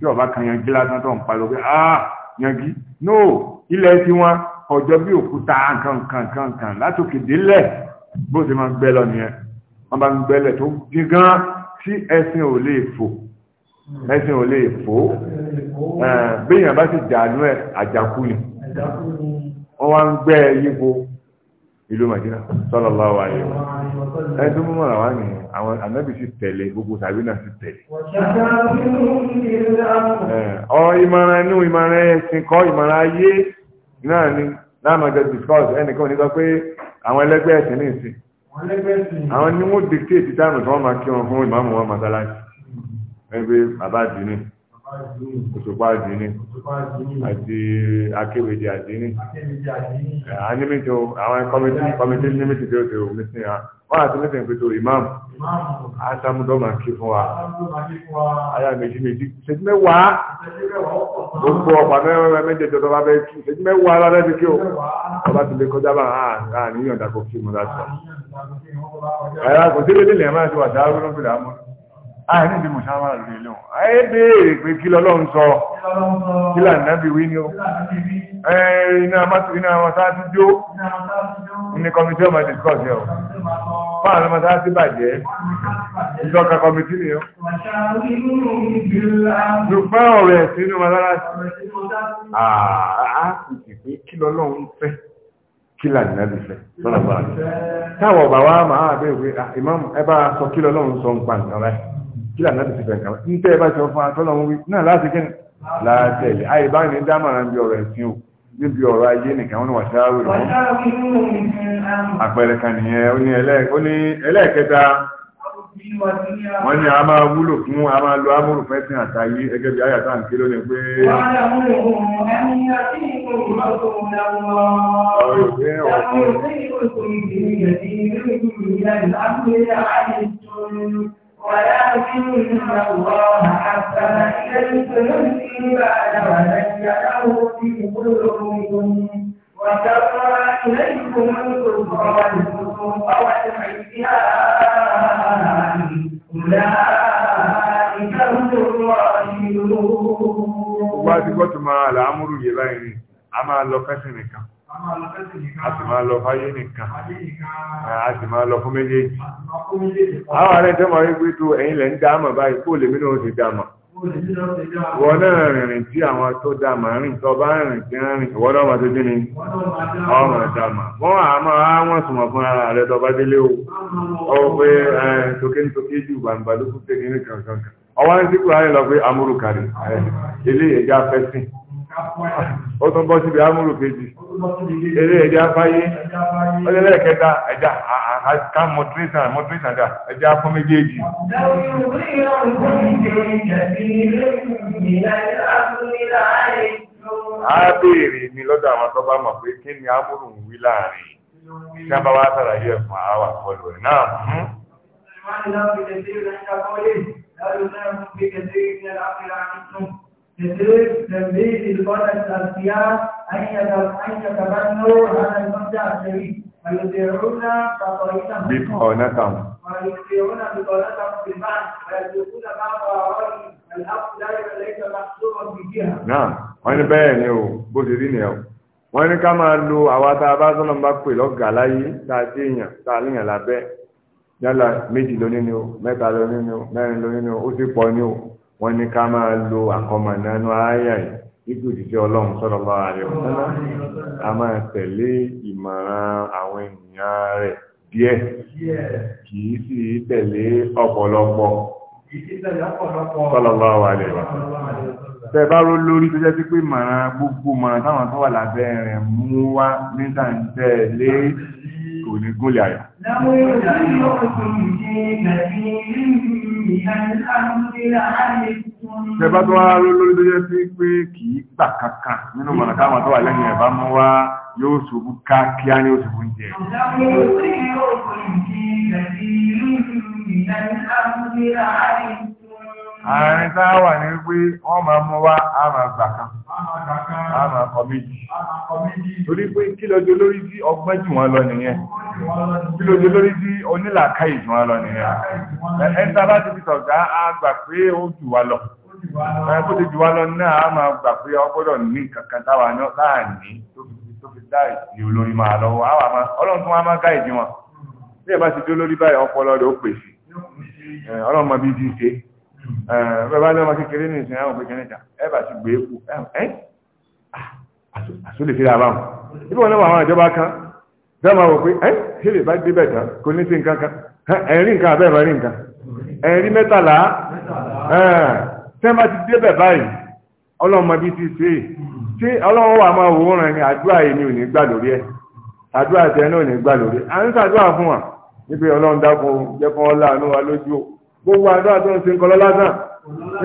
tí ọba kan yanjú lásán tó ń pariwo pé ah yanjú no ilẹ̀ tí wọ́n ọjọ́ bí òkúta nkankankankan látòkè délẹ̀ bó ti máa ń gbẹ́ lọ nìyẹn wọ́n bá ń gbẹ́lẹ̀ tó dín gan tí ẹṣin ò lè fò ẹṣin ò lè fò béèyàn bá ti dànù ẹ̀ àjàkú ni wọ́n wá ń gbẹ́ yípo. ìlú Madina sallallahu alaihi wasallam ẹni tó múmọ̀ràn wá ní àwọn anábì sí gbogbo tàbí náà sí tẹ̀lé. ọ ìmọ̀ràn inú ìmọ̀ràn ẹ̀sìn kọ́ ìmọ̀ràn ayé náà ni láàmọ̀jọ discuss ẹnìkan nígbà pé àwọn ẹlẹ́gbẹ́ ẹ̀sìn ní ìsìn àwọn ni wọ́n dictate tí wọ́n máa kí wọn fún wọn òṣùpá àdínní àti akéwèjì àdínní ànímìtì àwọn kọmitì nímìtì tí ó ti rò mítìn ha wọ́n àti mítìn pẹ̀tọ́ imam asamudọ́mà kí fún wa ayá méjì méjì ṣètí mẹ́wàá gbogbo ọ̀pá mẹ́wàá mẹ́jẹjọ tó bá bẹ́ kí ṣètí mẹ́wàá lábẹ́ fi kí o ọba ti lè kọjá bá àárín yọ̀ǹda kò kí mu láti sọ. ẹ̀rọ kò sí lè lè lè máa ti wà dáhùn lọ́fíìlà mọ́ àárín ìdí mùsàwárà lórí ilé wọn ayé béèrè pé kí lọ́lọ́run sọ kí lànàbí wí ní o iná masáàtì jó ní kọmitì ọmọ discourse yẹ o fún àwọn masáàtì bàjẹ́ ìjọka kọmitì ni o ṣùgbọ́n ọ̀rọ̀ ẹ̀sìn inú masáàtì àá ah, sì sì pé kí lọ́lọ́run fẹ́ kílà ní nàbì fẹ lọ́nà bá a lọ. táwọn ọba wa máa bẹ̀rẹ̀ pé ìmáàmù ah, ẹ bá a sọ kí lọ́lọ́run sọ ń nǹkan báyìí kí lànà ti fẹ̀ kàwé ní tẹ́ ẹ bá sọ fún atọ́lọ́ wọn wí náà láti kí ni látẹ̀lé àyè bá ní dámọ̀ràn bí ọ̀rọ̀ ẹ̀sìn o níbi ọ̀rọ̀ ayé nìkan wọn ni wà sáwé rẹ̀ wọn. àpẹẹrẹ kan nìyẹn ó ní ẹlẹ́ẹ̀kẹta wọ́n ní a máa wúlò fún a máa lo amúrù fún ẹ̀sìn àtàyé ẹgẹ́ bí ayàtà ń ké lónìí pé ọ̀rọ̀ ìgbẹ́ ولكن الله حبب إليكم الإيمان وزينه في قلوبكم وكفر إليكم الكفر والفسوق والعصيان أولئك هم الراشدون. Wọ́n ti gbọ́ tó máa làámúrú yìí báyìí ni, a máa lọ kẹ́sìn nìkan a sì máa lọ fáyé nìkan a sì máa lọ fún méjèèjì àwọn àrẹ tẹ́mọ̀ rí pé tó ẹ̀yìn lẹ́ ń dáàmọ̀ báyìí kó lèmi náà ti dáàmọ̀ wọ́n náà rìnrìn tí àwọn tó dáàmà rìn tó bá rìn tí ń rìn ìwọ́n lọ́mọ tó dín ní ọmọ dáàmà wọ́n a máa wọ́n súnmọ̀ fún ara rẹ̀ tó bá délé o ọ pé tókè tókè jù bàǹbà ló kú tẹ̀lé ní kankan ọwọ́ ń síkú ó tún bọ́ síbi amúrò kejì eré ẹ̀jẹ̀ afáyé ọlẹ́lẹ́ kẹta ẹ̀jẹ̀ ká mọ̀tírísàn mọ̀tírísàn dà ẹ̀jẹ̀ afọ́ méjèèjì. a béèrè mi lọ́dọ̀ àwọn tó bá mọ̀ pé kí ni amúrò ń wí láàrin tí a bá wá sàlàyé ẹ̀fọn rẹ̀ náà. Hmm? لذلك تنبيه البلد الأنبياء أن يتبنوا هذا المبدأ الشريف ويطيعون بطريقتهم بطانتهم ويطيعون بطانتهم في المعنى ويتركون بعض آرائهم الأخ دائما ليس محصورا في جهة نعم wọ́n ní bẹ́ẹ̀ ni o bó ṣe rí ni ẹ̀ wọ́n ní ká máa lo àwa tá a bá sọ́nà bá pè lọ́gàá láyé tá a dé èèyàn tá a léèyàn lábẹ́ yálà méjì lónìí ni o mẹ́ta lónìí ni o mẹ́rin lónìí ni o ó sì pọ̀ ni o wọ́n ní ká máa lo àkọmọ̀nánú àáyà yìí nígbà òjìjẹ́ ọlọ́run sọ́dọ̀ bá rẹ̀ ọ̀sánná a máa tẹ̀lé ìmọ̀ràn àwọn ènìyàn rẹ̀ díẹ̀ kì í sì tẹ̀lé ọ̀pọ̀lọpọ̀ sọ́dọ̀ bá wà rẹ̀ wá. Bẹ́ẹ̀ bá ró lórí tó jẹ́ sí pé mọ̀ràn gbogbo mọ̀ràn táwọn tó wà lábẹ́ rẹ̀ mú wá nígbà ń kò ní gúnlẹ̀ àyà. Láwọn èèyàn yóò tún jẹ́ nàìjíríà Ṣẹ̀bá tó wá lórí tó jẹ́ sí pé kì í gbà kankan nínú mọ̀nà táwọn tó wà lẹ́yìn ẹ̀bá mú wá yóò ṣubú ká kíá ní òṣùbù jẹ. Ìjọba àárín tá a wà ní pé wọ́n máa wá torí pé kí lọ́jọ́ lórí tí ọgbọ́n jù wọ́n lọ nìyẹn kí lọ́jọ́ lórí tí onílàákàyè jù wọ́n lọ nìyẹn ẹ̀ńtà bá ti fi tọ̀gá a gbà pé ó jù lọ ti jù lọ náà gbà pé ọgbọ́dọ̀ ní kankan táwa tó fi dá ìdí olórí máa lọ́wọ́ ọlọ́run bẹ́ẹ̀ bá ní ọmọ kékeré ní ìsìn àwọn òpèkè níta ẹ ti gbé kú ẹ ah, àsúlè síra báwọn ibi wọn náà àwọn ìjọba kan bẹ́ẹ̀ máa wọ pé ẹ ṣé bá dé bẹ́ẹ̀ tán kò ní sí nǹkan kan ẹ̀rí nǹkan abẹ́ẹ̀ máa rí nǹkan mẹ́tàlá ti dé bẹ̀ báyìí ti ṣe tí ọlọ́wọ́ wà máa wò ràn ní àdúrà yìí ní ò gbogbo àdúrà tó ń ṣe nǹkan lọ́lásà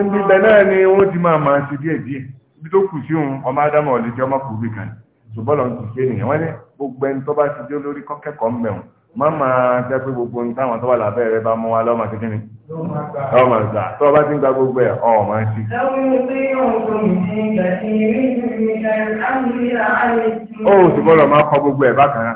níbi ibẹ̀ náà ni wọ́n ti máa máa ṣe díẹ̀ díẹ̀ ibi tó kù sí òun ọmọ ádámọ̀ ọ̀lẹ́ jẹ́ ọmọ kùbí kan ṣùgbọ́n lọ́n ti ṣe ènìyàn wọ́n ní gbogbo ẹni tó bá ti dé lórí kọ́kẹ́kọ̀ọ́ ń bẹ̀rùn má máa jẹ́ pé gbogbo ohun táwọn tó wà lábẹ́ rẹ bá mú wa lọ́mọ kékeré ọmọ ìgbà tó o bá ti ń gba gbogbo ẹ̀ ọ̀ máa ṣe. ó sì gbọ́dọ̀ máa kọ gbogbo ẹ̀ bákan náà.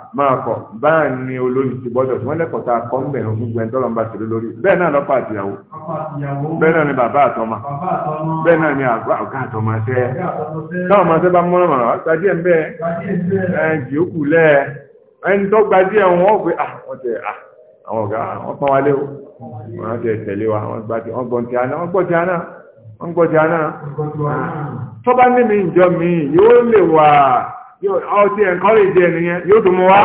máa kọ̀ báà ni olóyìn ti bọ́jọ̀ tí wọ́n lẹ́kọ̀ọ́ tá a kọ́ ń bẹ̀ ọ̀hún gbogbo ẹni tọ́lọ́mbà ti lórí bẹ́ẹ̀ náà lọ́pàá àtìyàwó bẹ́ẹ̀ náà ni bàbá àtọmọ bẹ́ẹ̀ náà ni àgbà ọ̀gá àtọmọ ṣẹ́ táwọn ọmọ ṣẹ́ bá mọ́ ọ̀rọ̀ gbajú ẹ̀ ń bẹ́ẹ̀ ẹ̀ jì ó kù lẹ́ ẹni tó gbajú ẹ̀ wọ́n gbé àwọn ọ̀gá wọn pọ́n wálé o mi ìjọ mi ọtí ẹ̀kọ́rẹ́ jẹ yóò tún mú wá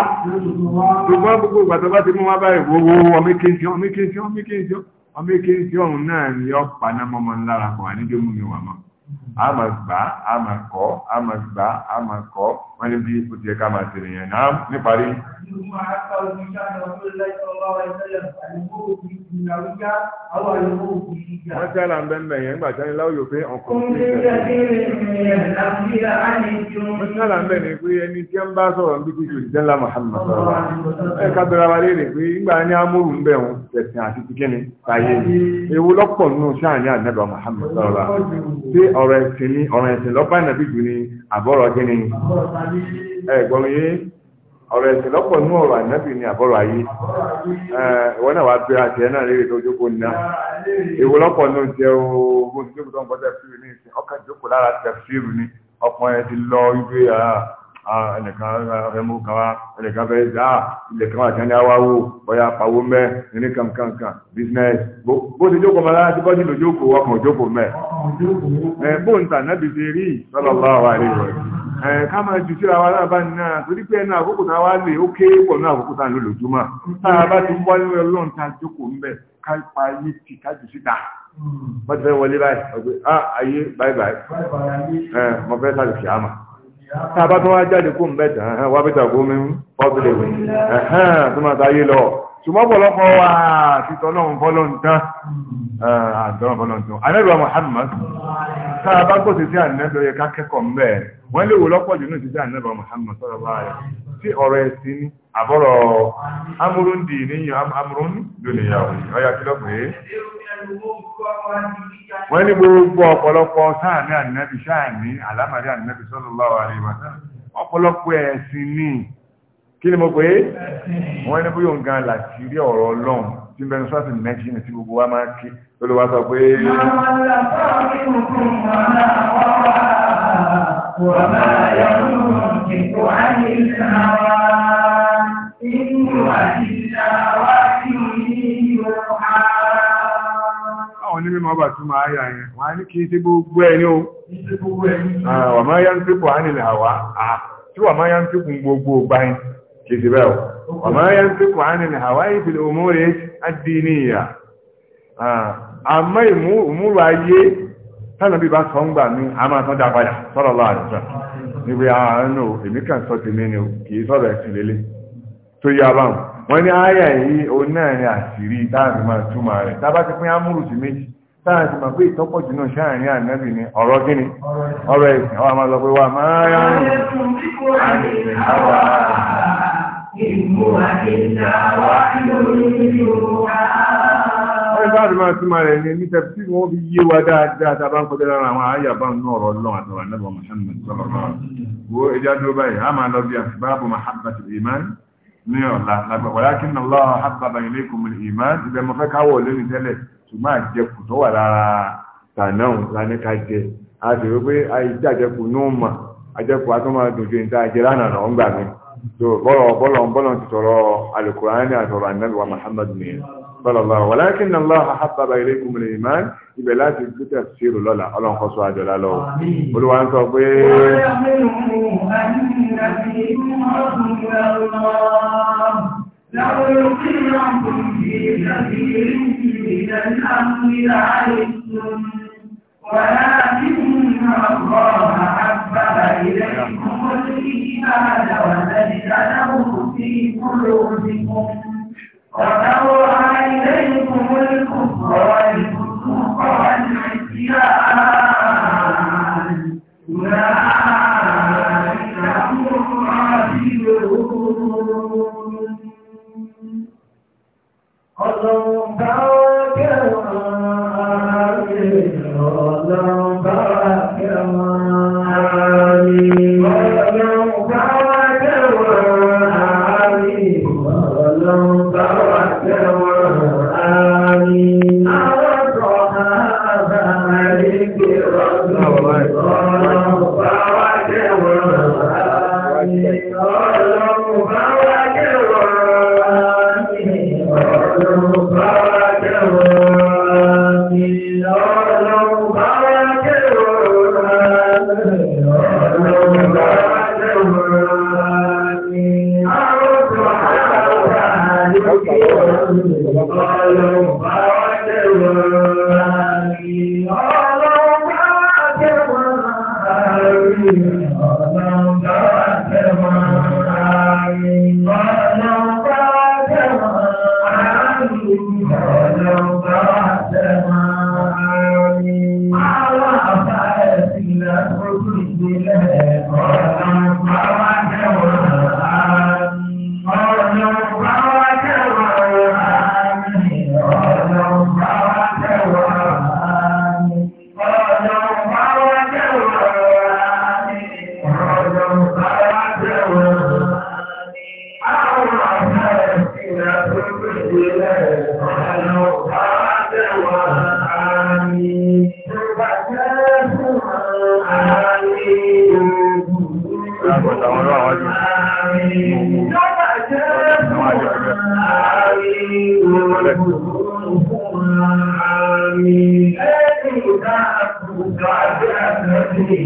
ṣùgbọ́n gbogbo ìgbà bá ti mú wá báyìí gbogbo ọmọ ìkéjì ọmọ ìkéjì ọmọ ìkéjì ọmọ ìkéjì ọ̀hún náà ni yọ pa náà mọ́mọ́ ńlára kọ̀ àníjọ́ mú mi wà mọ́ a máa gbà a máa kọ́ a máa gbà a máa kọ́ wọ́n ní bí ó ti ẹ̀ka máa tèrè yẹn náà níparí. wọ́n tí àlà ń bẹ́ mbẹ̀ yẹn nígbà tí aláwọ̀ yóò pé ọkọ̀ wọ́n tí àlà ń ni pé ẹni tí ń bá sọ̀rọ̀ ń bí kí kò jẹ́ ńlá Muhammad sọ̀rọ̀ ẹ̀ ká bẹ̀rẹ̀ wa léèrè pé nígbà ní amóhù ń bẹ̀ wọn tẹ̀sìn àti ti kíni ewu lọ́pọ̀ nínú sáà ní àdínàbà Muhammad sọ̀rọ̀ ẹ̀sìn ní ọ̀rọ̀ ẹ̀sìn lọ́pàá ìnàbí jù ní àbọ̀rọ̀ kí ni ẹ̀gbọ́n yé ọ̀rọ̀ ẹ̀sìn lọ́pọ̀ ní ọ̀rọ̀ ànábì ní àbọ̀rọ̀ ayé ìwọ náà wá pé àti ẹ̀ náà léèrè tó jókòó ní náà ìwọ lọ́pọ̀ ní oúnjẹ ogun tó tó ń bọ́ tẹ̀síìrì ní ìsìn ọkàn jókòó lára tẹ̀síìrì ní ọkàn ti lọ ibi ẹnìkan fẹ́ mú kan wá ẹnìkan fẹ́ dá ilẹ̀ kan wà tí wọ́n ní awáwó mẹ́ ní kankankan business bó ti jókòó mọ́lá tí bọ́jú ló jókòó ọkàn òjókòó mẹ́ bóńtà náà bìí ti rí sallallahu alaihi wasallam ká máa jù síra wa láàbá náà torí pé ẹnu àkókò tá wá lè ó ké pọ̀ ní àkókò lò lójúmọ́ bá ti wá ọlọ́run a ayé ká síta tàbá tó wá jáde kó ń bẹ̀ tán wá bí tàbó mi ń pọ́sílẹ̀ wẹ̀ tó máa sáyé lọ ṣùgbọ́n pọ̀lọpọ̀ wà títọ́ lọ́hùn fọ́lọ́ntán àtọ́rọ̀ fọ́lọ́ntán anẹ́rọ Muhammad tàbá kò sì sí ànẹ́bẹ̀ yẹ ká kẹ́kọ̀ọ́ ń bẹ̀ wọ́n lè wò lọ́pọ̀ jù ní sí ànẹ́rọ Muhammad sọ́rọ̀ báyìí sí ọ̀rọ̀ ẹ̀sìn ni àbọ̀rọ̀ amúrúndì níyìn amúrún lónìyàwó ọya kí lọ́pẹ́ wọ́n ní gbogbo ọ̀pọ̀lọpọ̀ sáàní ànìyàn sáàní alámàrí ànìyàn sallallahu alaihi wa sallam ọ̀pọ̀lọpọ̀ ẹ̀sìn ni mo pé wọ́n ní bóyá nǹkan láti rí ọ̀rọ̀ ọlọ́run tí ń bẹnu sọ́ọ̀tì mẹ́jìnì tí gbogbo wa máa kí lórí wa sọ Àwọn onímọ̀ ọba tún máa yà yẹn, wọ́n á ní kí gbogbo ẹni ah, ah, o, wà máa yá ń pípò á nílẹ̀ àwá, tí wà máa yá ń gbogbo ọgbà yìí, kì sí bẹ́ẹ̀ wà máa yá ń pípò á nílẹ̀ àwá Àmọ́ ayé bá sọ ń gbà mí, a máa tán dá padà, sọ́rọ̀ láàrín ah, sọ. Níbi àánú, tó yá bá wọn ní àyà yìí òun náà ni àṣírí táàbí máa túmọ̀ rẹ̀ tábà ti pín ámúrù sí méjì táàbí máa pé ìtọ́pọ̀ jù náà sáàrin ànábì ni ọ̀rọ̀ kí ni ọ̀rọ̀ ẹ̀sìn àwọn àmàlọ́ pé wà máa yá ń rìn àwa ìmúwa ìlà wa lórí òwúwa. wọ́n táàbí máa túmọ̀ rẹ̀ ní ní tẹ̀sí wọn fi yé wa dáadáa tábà ń kọjá lára àwọn àyà bá ń nọ̀rọ̀ lọ́wọ́ àtàwọn ànábì ní ọ̀la lágbàgbàlá kí ní ọlọ́run àbàbà ilé ìkùnmù ti ibẹ̀ mọ́ fẹ́ káwọ̀ lórí tẹ́lẹ̀ ṣùgbọ́n àjẹkù tó wà lára tànáhùn lánẹ́ka jẹ a sì rí a àìjẹ́ àjẹkù ní mà àjẹkù a tó níta àjẹ lánàá náà ń bọ́lọ̀ bọ́lọ̀ bọ́lọ̀ ti sọ̀rọ̀ sọlọ́lá wàlákin náà lọ́ha hábàbà ilé ìkùnmìnì ìmáà ibẹ̀ láti gbúdẹ̀ sírò lọ́la ọlọ́nkọ́sọ àjọlá lọ́wọ́ olúwa ń sọ pé ولكن الله حبب إليكم الإيمان وزينه في قلوبكم ونوى إليكم الكفر والفسوق والعصيان Thank you.